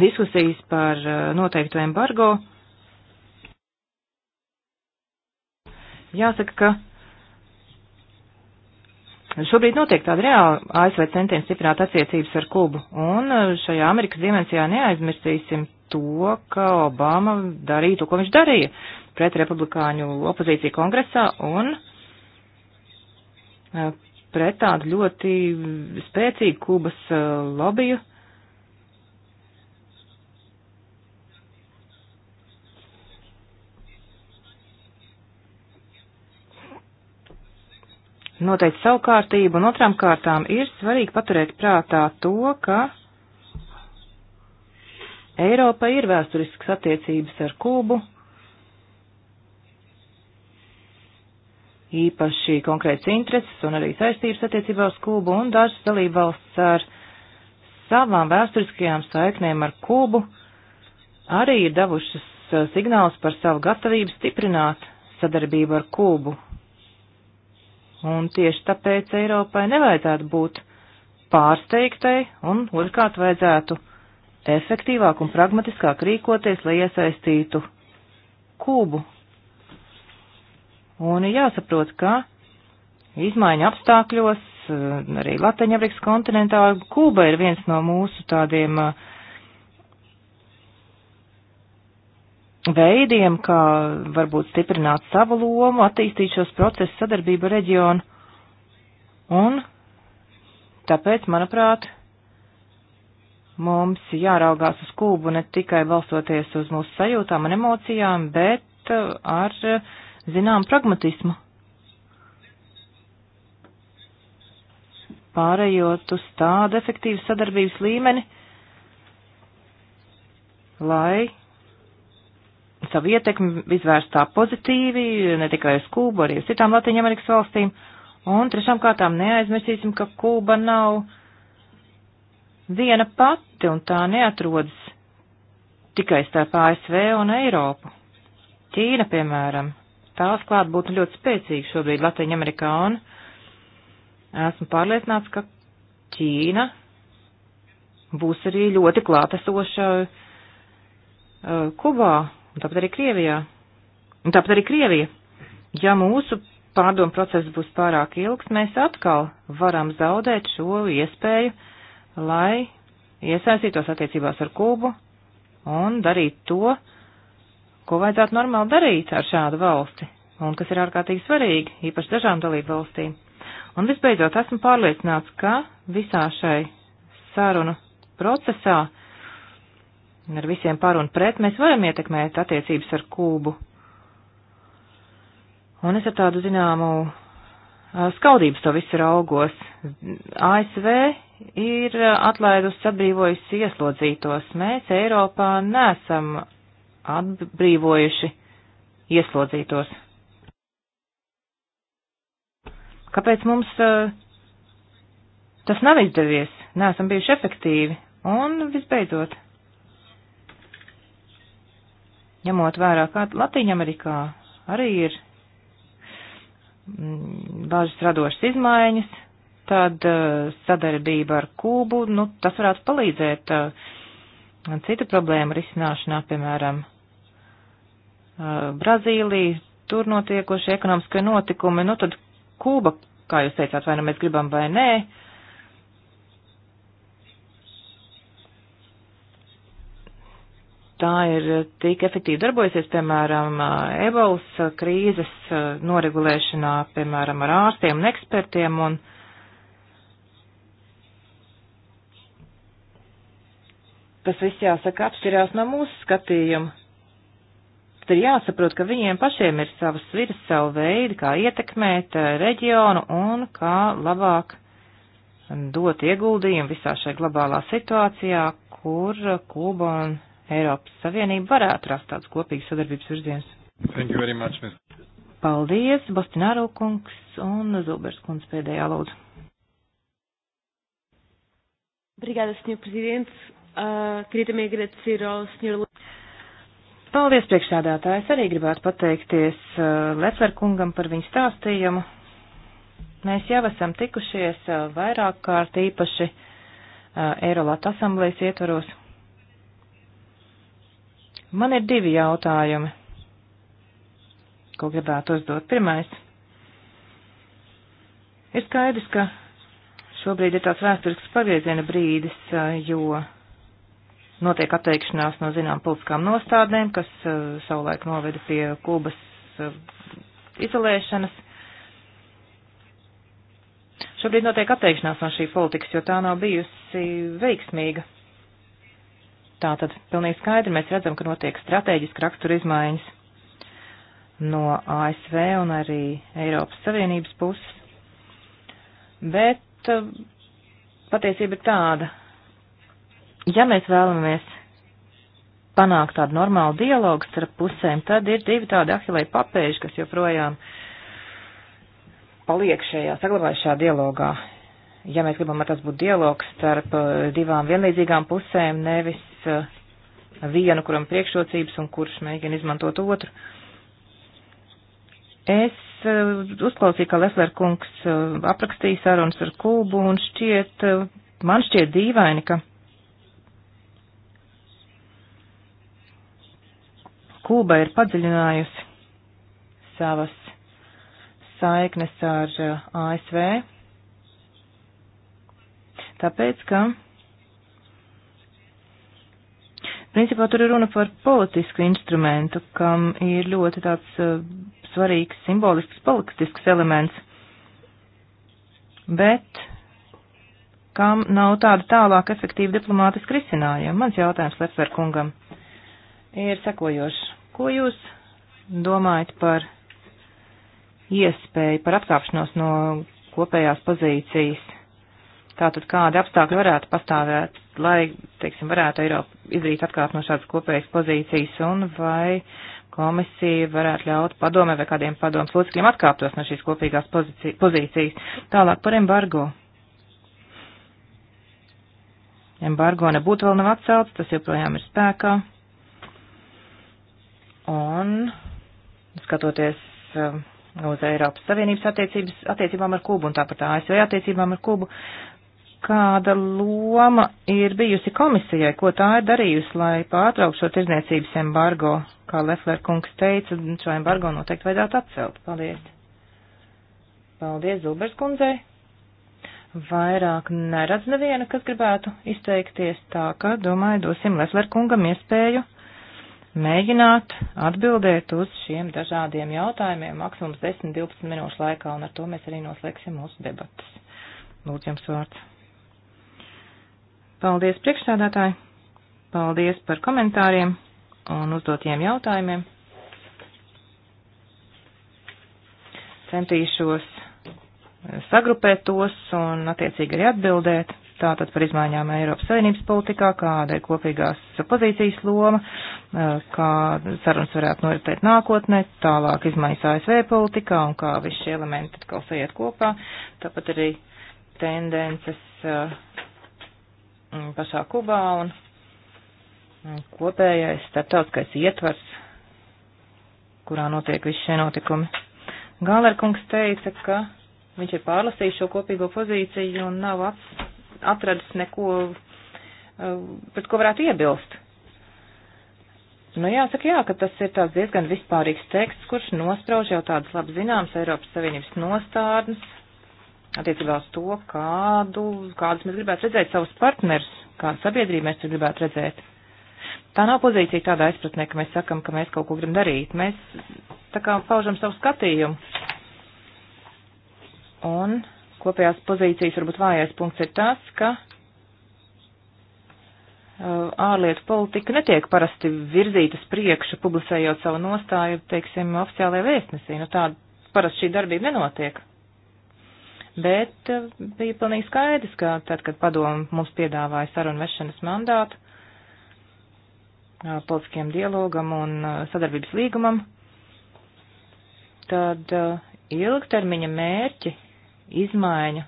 Speaker 3: diskusijas par noteikto embargo. Jāsaka, ka Šobrīd notiek tāda reāla ASV centiena stiprināt attiecības ar Kubu, un e, šajā Amerikas dimensijā neaizmirsīsim to, ka Obama darīja to, ko viņš darīja pret republikāņu opozīciju kongresā un e, pret tādu ļoti spēcīgu Kubas e, lobiju noteikt savu kārtību, un otrām kārtām ir svarīgi paturēt prātā to, ka Eiropa ir vēsturisks attiecības ar Kubu, īpaši konkrēts intereses un arī saistības attiecībā uz Kubu, un dažas dalība valsts ar savām vēsturiskajām saiknēm ar Kubu arī ir devušas uh, signāls par savu gatavību stiprināt sadarbību ar Kubu Un tieši tāpēc Eiropai nevajadzētu būt pārsteigtai un otrkārt vajadzētu efektīvāk un pragmatiskāk rīkoties, lai iesaistītu Kūbu. Un jāsaprot, ka izmaiņu apstākļos eh, arī Latvijas kontinentā Kūba ir viens no mūsu tādiem uh, veidiem, kā varbūt stiprināt savu lomu, attīstīt šos procesus sadarbību reģionu. Un tāpēc, manuprāt, mums jāraugās uz Kūbu ne tikai balstoties uz mūsu sajūtām un emocijām, bet uh, ar uh, zinām pragmatismu. Pārējot uz tādu efektīvu sadarbības līmeni, lai savu ietekmi izvērstā pozitīvi, ne tikai uz Kūbu, arī uz citām Latvijas valstīm. Un trešām kārtām neaizmirsīsim, ka Kūba nav viena pati un tā neatrodas tikai starp ASV un Eiropu. Ķīna, piemēram, tās klāt būtu ļoti spēcīga šobrīd Latvija Amerikā un esmu pārliecināts, ka Ķīna būs arī ļoti klātesoša uh, Kubā Un tāpat arī Krievijā. Un tāpat arī Krievija. Ja mūsu pārdomu process būs pārāk ilgs, mēs atkal varam zaudēt šo iespēju, lai iesaistītos attiecībās ar Kubu un darīt to, ko vajadzētu normāli darīt ar šādu valsti, un kas ir ārkārtīgi svarīgi, īpaši dažām dalību valstīm. Un visbeidzot, esmu pārliecināts, ka visā šai sarunu procesā ar visiem par un pret, mēs varam ietekmēt attiecības ar Kūbu. Un es ar tādu zināmu skaudības to visu raugos. ASV ir atlaidusi atbrīvojusi ieslodzītos. Mēs Eiropā nesam atbrīvojuši ieslodzītos. Kāpēc mums tas nav izdevies? Nesam bijuši efektīvi. Un visbeidzot, ņemot vērā, kā Latīņamerikā arī ir mm, dažas radošas izmaiņas, tad uh, sadarbība ar Kūbu, nu, tas varētu palīdzēt uh, citu problēmu risināšanā, piemēram, uh, Brazīlija, tur notiekošie ekonomiskie notikumi, nu, tad Kūba, kā jūs teicāt, vai nu mēs gribam vai nē, uh, tā ir tik efektīvi darbojusies, piemēram, ebolas krīzes noregulēšanā, piemēram, ar ārstiem un ekspertiem. Un tas viss jāsaka atšķirās no mūsu skatījuma. Tad ir jāsaprot, ka viņiem pašiem ir savas virs, savu veidu, kā ietekmēt reģionu un kā labāk dot ieguldījumu visā šajā globālā situācijā, kur Kuba un Eiropas Savienība varētu rast tāds kopīgs sadarbības virziens.
Speaker 4: Thank you very much, Ms.
Speaker 3: Paldies, Bostināro kungs un Zubers kungs pēdējā lūdzu. Obrigada, Sr. Presidente. Uh, queria também agradecer ao Sr. Paldies, priekšsēdētājs. Arī gribētu pateikties uh, ah, Lefler kungam par viņu stāstījumu. Mēs jau esam tikušies uh, vairāk kārt īpaši uh, Eirolat asamblējas ietvaros. Man ir divi jautājumi, ko gribētu uzdot. Pirmais. Ir skaidrs, ka šobrīd ir tāds vēsturisks pagrieziena brīdis, eh, jo notiek atteikšanās no zinām politiskām nostādēm, kas eh, savulaik noveda pie Kubas eh, izolēšanas. Šobrīd notiek atteikšanās no šī politikas, jo tā nav bijusi veiksmīga. Tātad pilnīgi skaidri mēs redzam, ka notiek strateģiski rakstura izmaiņas no ASV un arī Eiropas Savienības puses. Bet uh, patiesība ir tāda, ja mēs vēlamies panākt tādu normālu dialogu starp pusēm, tad ir divi tādi ahilai papēži, kas joprojām paliek šajā saglabājušā dialogā. Ja mēs gribam, lai tas būtu dialogs starp uh, divām vienlīdzīgām pusēm, nevis Eh, vienu, kuram priekšrocības un kurš mēģina izmantot otru. Es eh, uzklausīju, kā Lesler kungs eh, aprakstīja sarunas ar Kubu un šķiet, man šķiet dīvaini, ka Kuba ir padziļinājusi savas saiknes ar ASV, tāpēc, ka Principā tur ir runa par politisku instrumentu, kam ir ļoti tāds uh, svarīgs simbolisks politisks elements, bet kam nav tāda tālāk efektīva diplomātiska risinājuma. Mans jautājums Lepver kungam ir sekojošs. Ko jūs domājat par iespēju, par atkāpšanos no kopējās pozīcijas? Tātad kādi apstākļi varētu pastāvēt, lai, teiksim, varētu Eiropa izrīt atkāp no šādas kopējas pozīcijas un vai komisija varētu ļaut padomē vai kādiem padomas locekļiem atkāptos no šīs kopīgās pozīcijas. Tālāk par embargo. Embargo nebūtu vēl nav atcelts, tas joprojām ir spēkā. Un skatoties um, uz Eiropas Savienības attiecībām ar Kubu un tāpat ASV attiecībām ar Kubu, Kāda loma ir bijusi komisijai, ko tā ir darījusi, lai pārtrauktu šo tirdzniecības embargo? Kā Lefler kungs teica, šo embargo noteikti vajadzētu atcelt. Paldies. Paldies Zulbers kundzei. Vairāk neredz neviena, kas gribētu izteikties tā, ka, domāju, dosim Lefler kungam iespēju mēģināt atbildēt uz šiem dažādiem jautājumiem maksimums 10-12 minūšu laikā, un ar to mēs arī noslēgsim mūsu debatas. Lūdzu, jums vārds. Paldies priekšsādātāji, paldies par komentāriem un uzdotiem jautājumiem. Centīšos sagrupēt tos un attiecīgi arī atbildēt. Tātad par izmaiņām Eiropas Savienības politikā, kāda ir kopīgās pozīcijas loma, kā sarunas varētu noritēt nākotnē, tālāk izmaiņas ASV politikā un kā visi šie elementi atkal sajiet kopā. Tāpat arī tendences Mm, pašā Kubā un kopējais starptautiskais ietvars, kurā notiek visi šie notikumi. Gālerkungs teica, ka viņš ir pārlasījis šo kopīgo pozīciju un nav atradis neko, uh, pret ko varētu iebilst. Nu, jāsaka, jā, ka tas ir tāds diezgan vispārīgs teksts, kurš nosprauž jau tādas labi zināmas Eiropas Savienības nostādnes attiecībā uz to, kādu, kādus mēs gribētu redzēt savus partnerus, kādu sabiedrību mēs tur gribētu redzēt. Tā nav pozīcija tādā aizpratnē, ka mēs sakam, ka mēs kaut ko gribam darīt. Mēs tā kā paužam savu skatījumu. Un kopējās pozīcijas varbūt vājais punkts ir tas, ka uh, ārlietu politika netiek parasti virzīta uz priekšu, publicējot savu nostāju, teiksim, oficiālajā vēstnesī. Nu, tā parasti šī darbība nenotiek bet eh, bija pilnīgi skaidrs, ka tad, kad padomu mums piedāvāja sarunu vešanas mandātu eh, politiskiem dialogam un eh, sadarbības līgumam, tad ilgtermiņa mērķi izmaiņu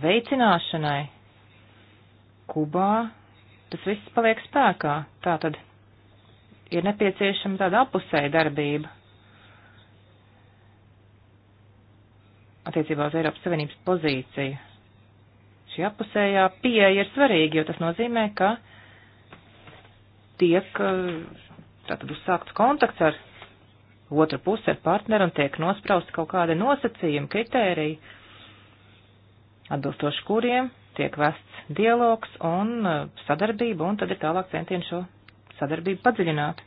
Speaker 3: veicināšanai Kubā tas viss paliek spēkā. Tātad ir nepieciešama tāda apusēja darbība attiecībā uz Eiropas Savienības pozīciju. Šī apusējā pieeja ir svarīga, jo tas nozīmē, ka tiek eh, tātad uzsākts kontakts ar otru pusi, ar partneru un tiek nospraust kaut kādi nosacījumi, kritēriji, atbilstoši kuriem tiek vests dialogs un eh, sadarbība, un tad ir tālāk centieni šo sadarbību padziļināt.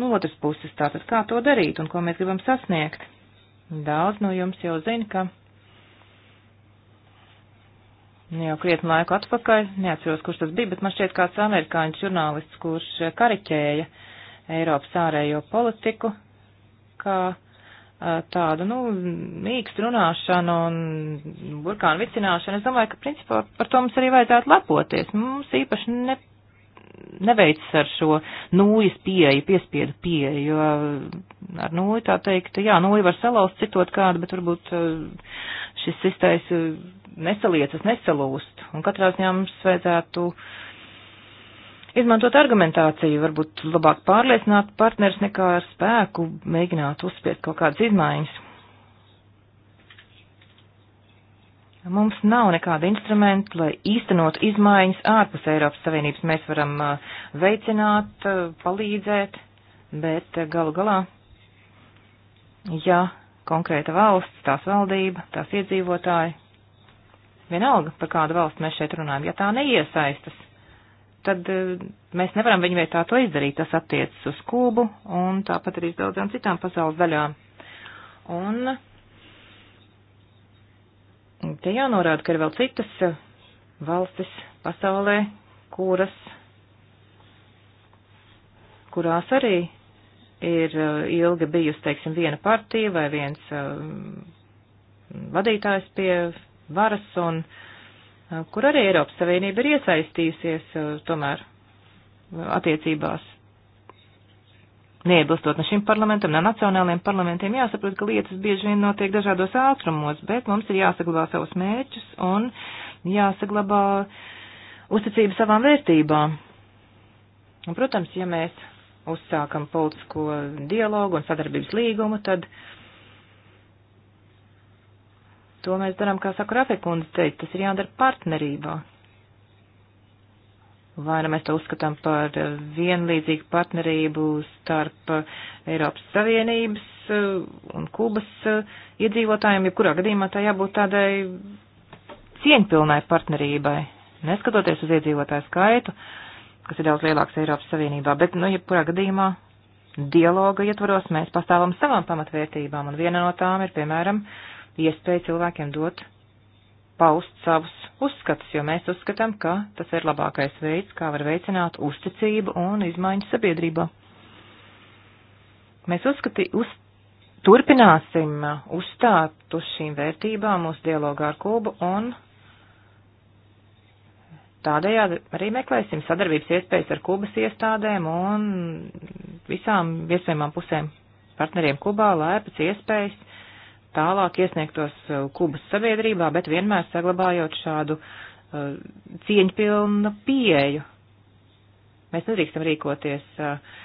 Speaker 3: No otras puses, tātad kā to darīt un ko mēs gribam sasniegt? Daudz no jums jau zina, ka jau krietni laiku atpakaļ, neatceros, kurš tas bija, bet man šķiet kāds amerikāņu žurnālists, kurš kariķēja Eiropas ārējo politiku, kā tādu, nu, mīkstu runāšanu un burkānu vicināšanu. Es domāju, ka principā par to mums arī vajadzētu lepoties. Mums īpaši ne neveicis ar šo nūjas pieeju, piespiedu pieeju, jo ar nūju tā teikt, jā, nūju var salauzt citot kādu, bet varbūt eh, šis sistais eh, nesaliecas, nesalūst. Un katrā ziņā mums vajadzētu izmantot argumentāciju, varbūt labāk pārliecināt partners nekā ar spēku mēģināt uzspiest kaut kādas izmaiņas. Mums nav nekāda instrumenta, lai īstenot izmaiņas ārpus Eiropas Savienības. Mēs varam uh, veicināt, uh, palīdzēt, bet uh, galu galā, ja konkrēta valsts, tās valdība, tās iedzīvotāji, vienalga, par kādu valstu mēs šeit runājam, ja tā neiesaistas, tad mēs nevaram viņu vietā to izdarīt. Tas attiecas uz Kūbu un tāpat arī uz daudzām citām pasaules daļām. Un Te jānorāda, ka ir vēl citas eh, valstis pasaulē, kuras, kurās arī ir eh, ilgi bijusi, teiksim, viena partija vai viens eh, vadītājs pie varas un kur arī Eiropas Savienība ir iesaistījusies tomēr attiecībās Neiebilstot ne šim parlamentam, ne nacionāliem parlamentiem, jāsaprot, ka lietas bieži vien notiek dažādos ātrumos, bet mums ir jāsaglabā savus mērķus un jāsaglabā uzticība savām vērtībām. Un, protams, ja mēs uzsākam politisko dialogu un sadarbības līgumu, tad to mēs darām, kā saka Rafekundze teica, tas ir jādara partnerībā vai nu mēs to uzskatām par eh, vienlīdzīgu partnerību starp eh, Eiropas Savienības eh, un Kubas iedzīvotājiem, jebkurā gadījumā tā jābūt tādai cieņpilnai partnerībai, neskatoties uz iedzīvotāju skaitu, kas ir daudz lielāks Eiropas Savienībā, bet, nu, jebkurā gadījumā dialoga ietvaros mēs pastāvam savām pamatvērtībām, un viena no tām ir, piemēram, iespēja cilvēkiem dot paust savus uzskatus, jo mēs uzskatām, ka tas ir labākais veids, kā var veicināt uzticību un izmaiņu sabiedrībā. Mēs uzskati, uz, turpināsim uzstāt uz šīm vērtībām mūsu dialogā ar Kubu un tādējādi arī meklēsim sadarbības iespējas ar Kubas iestādēm un visām iespējamām pusēm partneriem Kubā, lai pēc iespējas uh, tālāk iesniegtos uh, Kubas sabiedrībā, bet vienmēr saglabājot šādu uh, cieņpilnu pieeju. Mēs nedrīkstam rīkoties uh,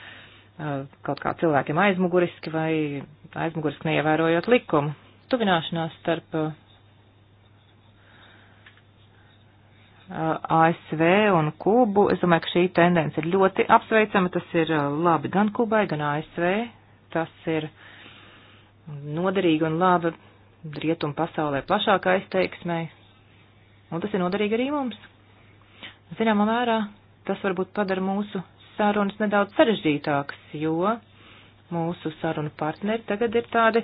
Speaker 3: uh, kaut kā cilvēkiem aizmuguriski vai aizmuguriski neievērojot likumu. Tuvināšanās starp uh, uh, ASV un Kubu, es domāju, ka šī tendence ir ļoti apsveicama. Tas ir labi gan Kubai, gan ASV. Tas ir uh, noderīga un laba rietumu pasaulē plašākā izteiksmē, un tas ir noderīgi arī mums. Zināmā mērā tas varbūt padara mūsu sarunas nedaudz sarežģītākas, jo mūsu sarunu partneri tagad ir tādi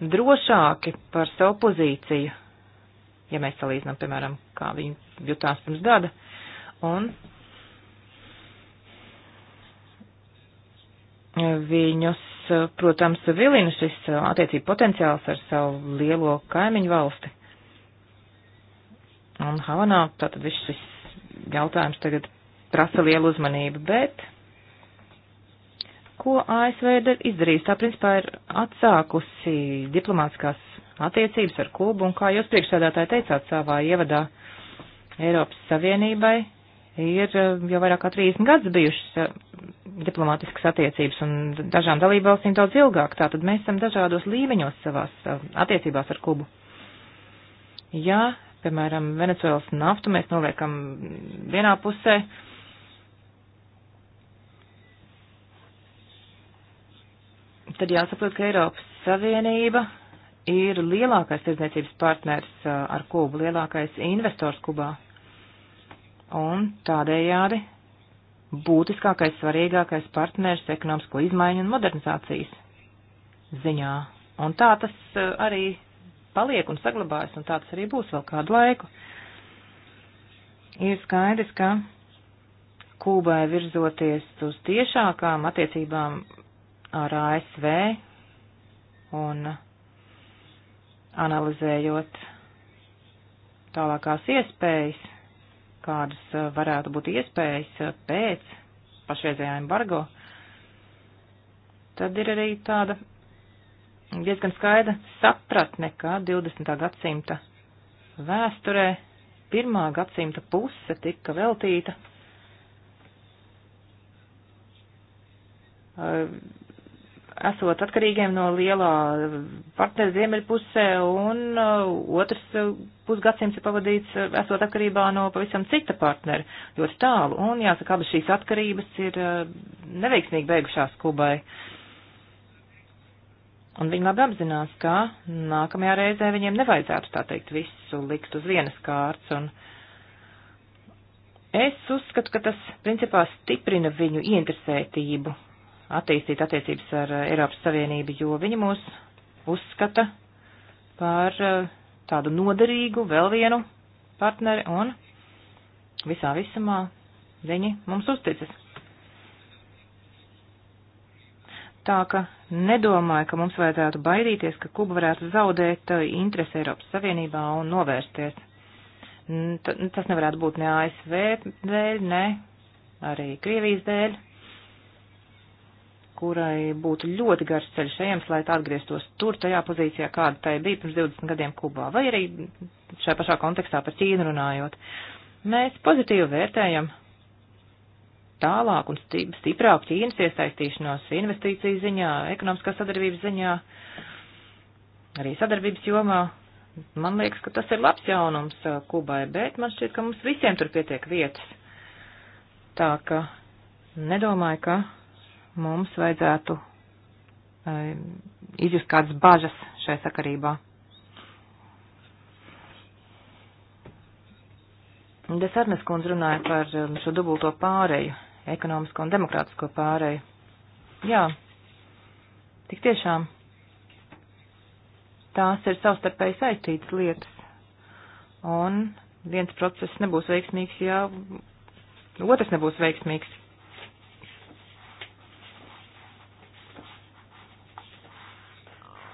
Speaker 3: drošāki par savu pozīciju, ja mēs salīdzinām, piemēram, kā viņi jutās pirms gada. Un viņus Eh, protams, vilina šis eh, attiecību potenciāls ar savu lielo kaimiņu valsti. Un Havanā tātad viss šis jautājums tagad prasa lielu uzmanību, bet ko ASV ir izdarījusi? Tā principā ir atsākusi diplomātiskās attiecības ar Kubu, un kā jūs priekšsēdētāji teicāt savā ievadā Eiropas Savienībai, ir eh, jau vairāk kā 30 gadus bijušas eh, diplomātiskas attiecības un dažām dalībvalstīm daudz ilgāk. Tātad mēs esam dažādos līmeņos savās eh, attiecībās ar Kubu. Ja, piemēram, Venecuēlas naftu mēs noliekam vienā pusē, tad jāsaprot, ka Eiropas Savienība ir lielākais tirdzniecības partners ar Kubu, lielākais investors Kubā un tādējādi būtiskākais, svarīgākais partners ekonomisko izmaiņu un modernizācijas ziņā. Un tā tas eh, arī paliek un saglabājas, un tā tas arī būs vēl kādu laiku. Ir skaidrs, ka Kūbai virzoties uz tiešākām attiecībām ar ASV un analizējot tālākās iespējas, kādas eh, varētu būt iespējas eh, pēc pašreizējā embargo, tad ir arī tāda diezgan skaida sapratne, ka 20. gadsimta vēsturē pirmā gadsimta puse tika veltīta eh, esot atkarīgiem no lielā partnera ziemeļpusē, un uh, otrs uh, pusgadsimts ir pavadīts uh, esot atkarībā no pavisam cita partnera, ļoti tālu, un jāsaka, abas šīs atkarības ir neveiksmīgi beigušās Kubai. Un viņi labi apzinās, ka nākamajā reizē viņiem nevajadzētu, tā teikt, visu likt uz vienas kārtas, un es uzskatu, ka tas principā stiprina viņu ieinteresētību attīstīt attiecības ar eh, Eiropas Savienību, jo viņi mūs uzskata par eh, tādu noderīgu vēl vienu partneri un visā visumā viņi mums uzticas. Tā ka nedomāju, ka mums vajadzētu baidīties, ka Kuba varētu zaudēt eh, interesi Eiropas Savienībā un novērsties. Tas nevarētu būt ne ASV dēļ, ne arī Krievijas dēļ kurai būtu ļoti garš ceļš ejams, lai tā atgrieztos tur, tajā pozīcijā, kāda tai bija pirms 20 gadiem Kubā, vai arī šajā pašā kontekstā par Ķīnu runājot. Mēs pozitīvi vērtējam tālāk un stiprāk Ķīnas iesaistīšanos investīciju ziņā, ekonomiskā sadarbības ziņā, arī sadarbības jomā. Man liekas, ka tas ir labs jaunums uh, Kubai, bet man šķiet, ka mums visiem tur pietiek vietas. Tā ka nedomāju, ka mums vajadzētu eh, izjust kādas bažas šai sakarībā. Desarnes kundze runāja par um, šo dubulto pāreju, ekonomisko un demokrātisko pāreju. Jā, tik tiešām tās ir savstarpēji saistītas lietas, un viens process nebūs veiksmīgs, ja otrs nebūs veiksmīgs.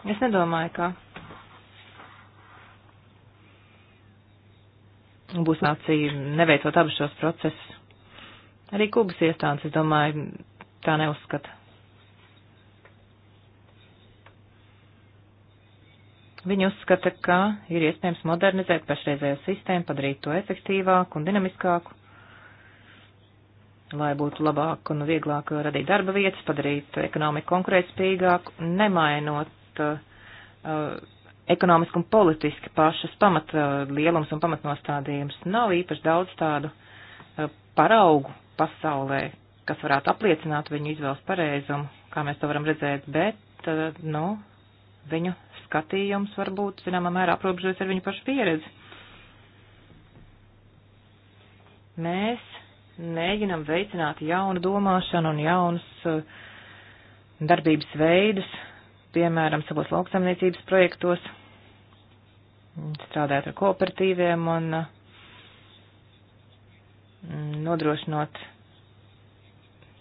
Speaker 3: Es nedomāju, ka būs nācija neveicot abus šos procesus. Arī Kubas iestādes, es domāju, tā neuzskata. Viņi uzskata, ka ir iespējams modernizēt pašreizējo sistēmu, padarīt to efektīvāku un dinamiskāku, lai būtu labāk un vieglāk radīt darba vietas, padarīt ekonomiku konkurētspējīgāku, nemainot savukārt uh, uh, ekonomiski un politiski pašas pamat uh, lielums un pamatnostādījums. Nav īpaši daudz tādu paraugu pasaulē, kas varētu apliecināt viņu izvēles pareizumu, kā mēs to varam redzēt, bet, nu, viņu skatījums varbūt, zināmā mērā, aprobežojas ar viņu pašu pieredzi. Mēs mēģinam veicināt jaunu domāšanu un jaunus darbības veidus, piemēram, savos lauksamniecības projektos, strādājot ar kooperatīviem un mm, nodrošinot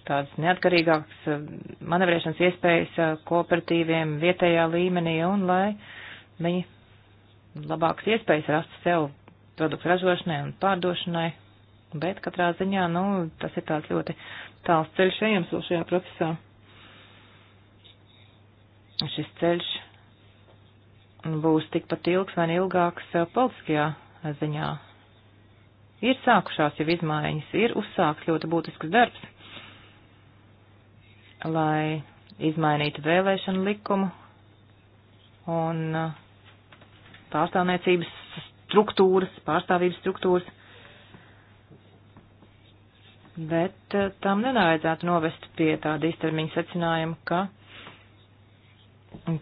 Speaker 3: tādas neatkarīgākas mm, manevrēšanas iespējas mm, kooperatīviem vietējā līmenī un lai viņi labākas iespējas rast sev produktu ražošanai un pārdošanai. Bet katrā ziņā, nu, tas ir tāds ļoti tāls ceļš ejams vēl šajā procesā šis ceļš būs tikpat ilgs vai ilgāks eh, politiskajā ziņā. Ir sākušās jau izmaiņas, ir uzsākts ļoti būtisks darbs, lai izmainītu vēlēšanu likumu un eh, pārstāvniecības struktūras, pārstāvības struktūras, bet eh, tam nevajadzētu novest pie tāda īstermiņa secinājuma, ka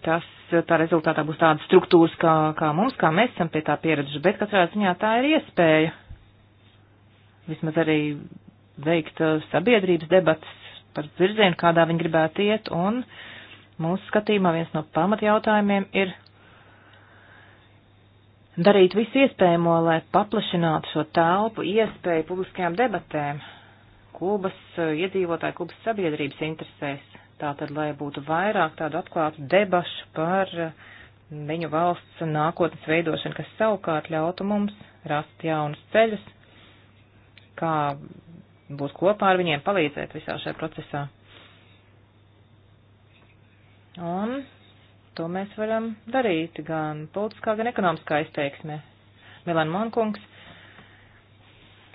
Speaker 3: tas tā rezultātā būs tādas struktūras, kā, kā mums, kā mēs esam pie tā pieraduši, bet katrā ziņā tā ir iespēja vismaz arī veikt uh, sabiedrības debatas par virzienu, kādā viņi gribētu iet, un mūsu skatījumā viens no pamatjautājumiem ir darīt visu iespējamo, lai paplašinātu šo telpu iespēju publiskajām debatēm Kubas uh, iedzīvotāju, Kubas sabiedrības interesēs Tātad, lai būtu vairāk tādu atklātu debašu par eh, viņu valsts nākotnes veidošanu, kas savukārt ļautu mums rast jaunus ceļus, kā būt kopā ar viņiem, palīdzēt visā šajā procesā. Un to mēs varam darīt gan politiskā, gan ekonomiskā izteiksmē. Milan Monkungs,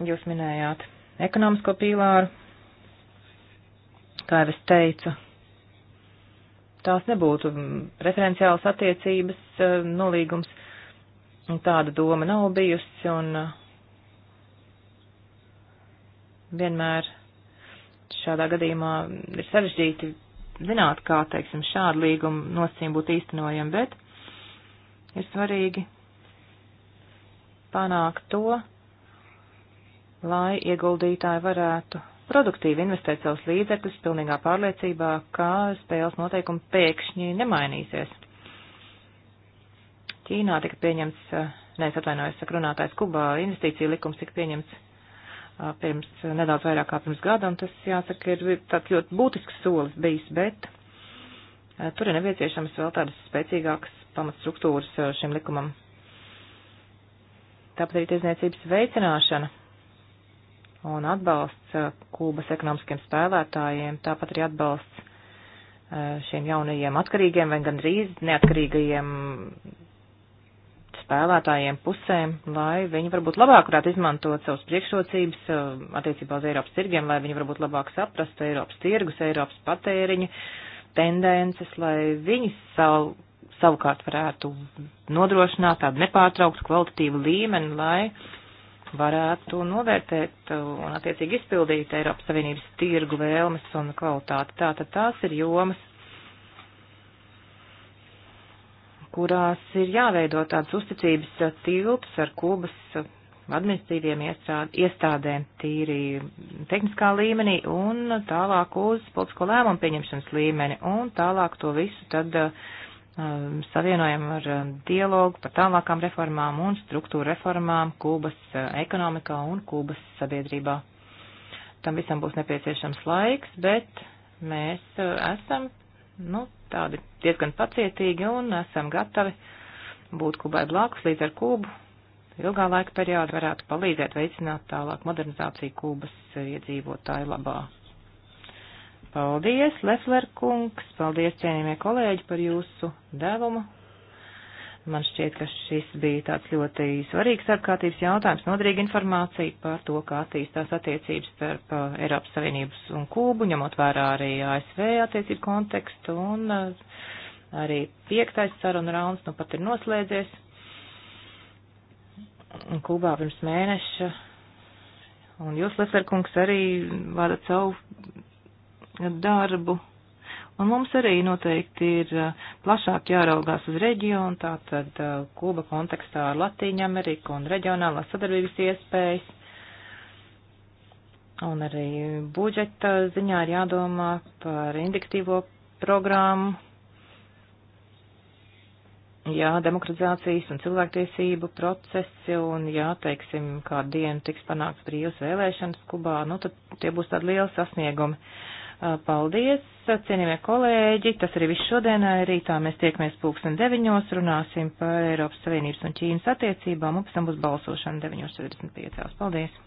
Speaker 3: jūs minējāt ekonomisko pīlāru, kā jau es teicu, tās nebūtu preferenciālas attiecības eh, nolīgums. Tāda doma nav bijusi un eh, vienmēr šādā gadījumā ir sarežģīti zināt, kā, teiksim, šāda līguma nosacījuma būtu īstenojama, bet ir svarīgi panākt to, lai ieguldītāji varētu produktīvi investēt savus līdzekļus pilnīgā pārliecībā, ka spēles noteikumi pēkšņi nemainīsies. Ķīnā tika pieņemts, eh, nē, es atvainojos, saka runātājs Kubā, investīcija likums tika pieņemts eh, pirms eh, nedaudz vairāk kā pirms gada, un tas, jāsaka, ir tāds ļoti būtisks solis bijis, bet tur ir nepieciešams vēl tādas spēcīgākas pamatstruktūras šim likumam. Tāpat arī tiesniecības veicināšana un atbalsts uh, Kūbas ekonomiskiem spēlētājiem, tāpat arī atbalsts uh, šiem jaunajiem atkarīgiem vai gandrīz neatkarīgajiem spēlētājiem pusēm, lai viņi varbūt labāk varētu izmantot savus priekšrocības uh, attiecībā uz Eiropas tirgiem, lai viņi varbūt labāk saprastu Eiropas tirgus, Eiropas patēriņu tendences, lai viņi savu, savukārt varētu nodrošināt tādu nepārtrauktu kvalitatīvu līmeni, lai uh, varētu novērtēt un attiecīgi izpildīt Eiropas Savienības tirgu vēlmes un kvalitāti. Tātad tās ir jomas, kurās ir jāveido tāds uzticības tilps ar Kubas administratīviem iestādēm tīri tehniskā līmenī un tālāk uz politisko lēmumu pieņemšanas līmeni un tālāk to visu tad uh, Um, savienojam ar um, dialogu par tālākām reformām un struktūra reformām Kūbas uh, ekonomikā un Kūbas sabiedrībā. Tam visam būs nepieciešams laiks, bet mēs uh, esam nu, tādi diezgan pacietīgi un esam gatavi būt Kubai blakus līdz ar Kubu. Ilgā laika periodā varētu palīdzēt veicināt tālāk modernizāciju Kubas uh, iedzīvotāju labā. Paldies, Lefler kungs, paldies, cienījamie kolēģi, par jūsu devumu. Man šķiet, ka šis bija tāds ļoti svarīgs ārkārtības jautājums, nodrīga informācija par to, kā attīstās attiecības starp uh, Eiropas Savienības un Kūbu, ņemot vērā arī ASV attiecību kontekstu un uh, arī piektais saruna rauns nu pat ir noslēdzies. Kūbā pirms mēneša. Un jūs, Lefler kungs, arī vādat savu darbu. Un mums arī noteikti ir eh, plašāk jāraugās uz reģionu, tātad eh, Kuba kontekstā ar Latīņu Ameriku un reģionālās sadarbības iespējas. Un arī budžeta ziņā ir jādomā par indiktīvo programmu, jā, demokratizācijas un cilvēktiesību procesi, un jā, teiksim, kādu dienu tiks panāks brīvas vēlēšanas Kubā, nu tad tie būs tādi lieli sasniegumi. Uh, paldies, cienījamie kolēģi, tas arī viss šodienai uh, rītā. Mēs tiekamies pulksten deviņos, runāsim par Eiropas Savienības un Ķīnas attiecībām, un pēc tam būs balsošana 9.45. Paldies!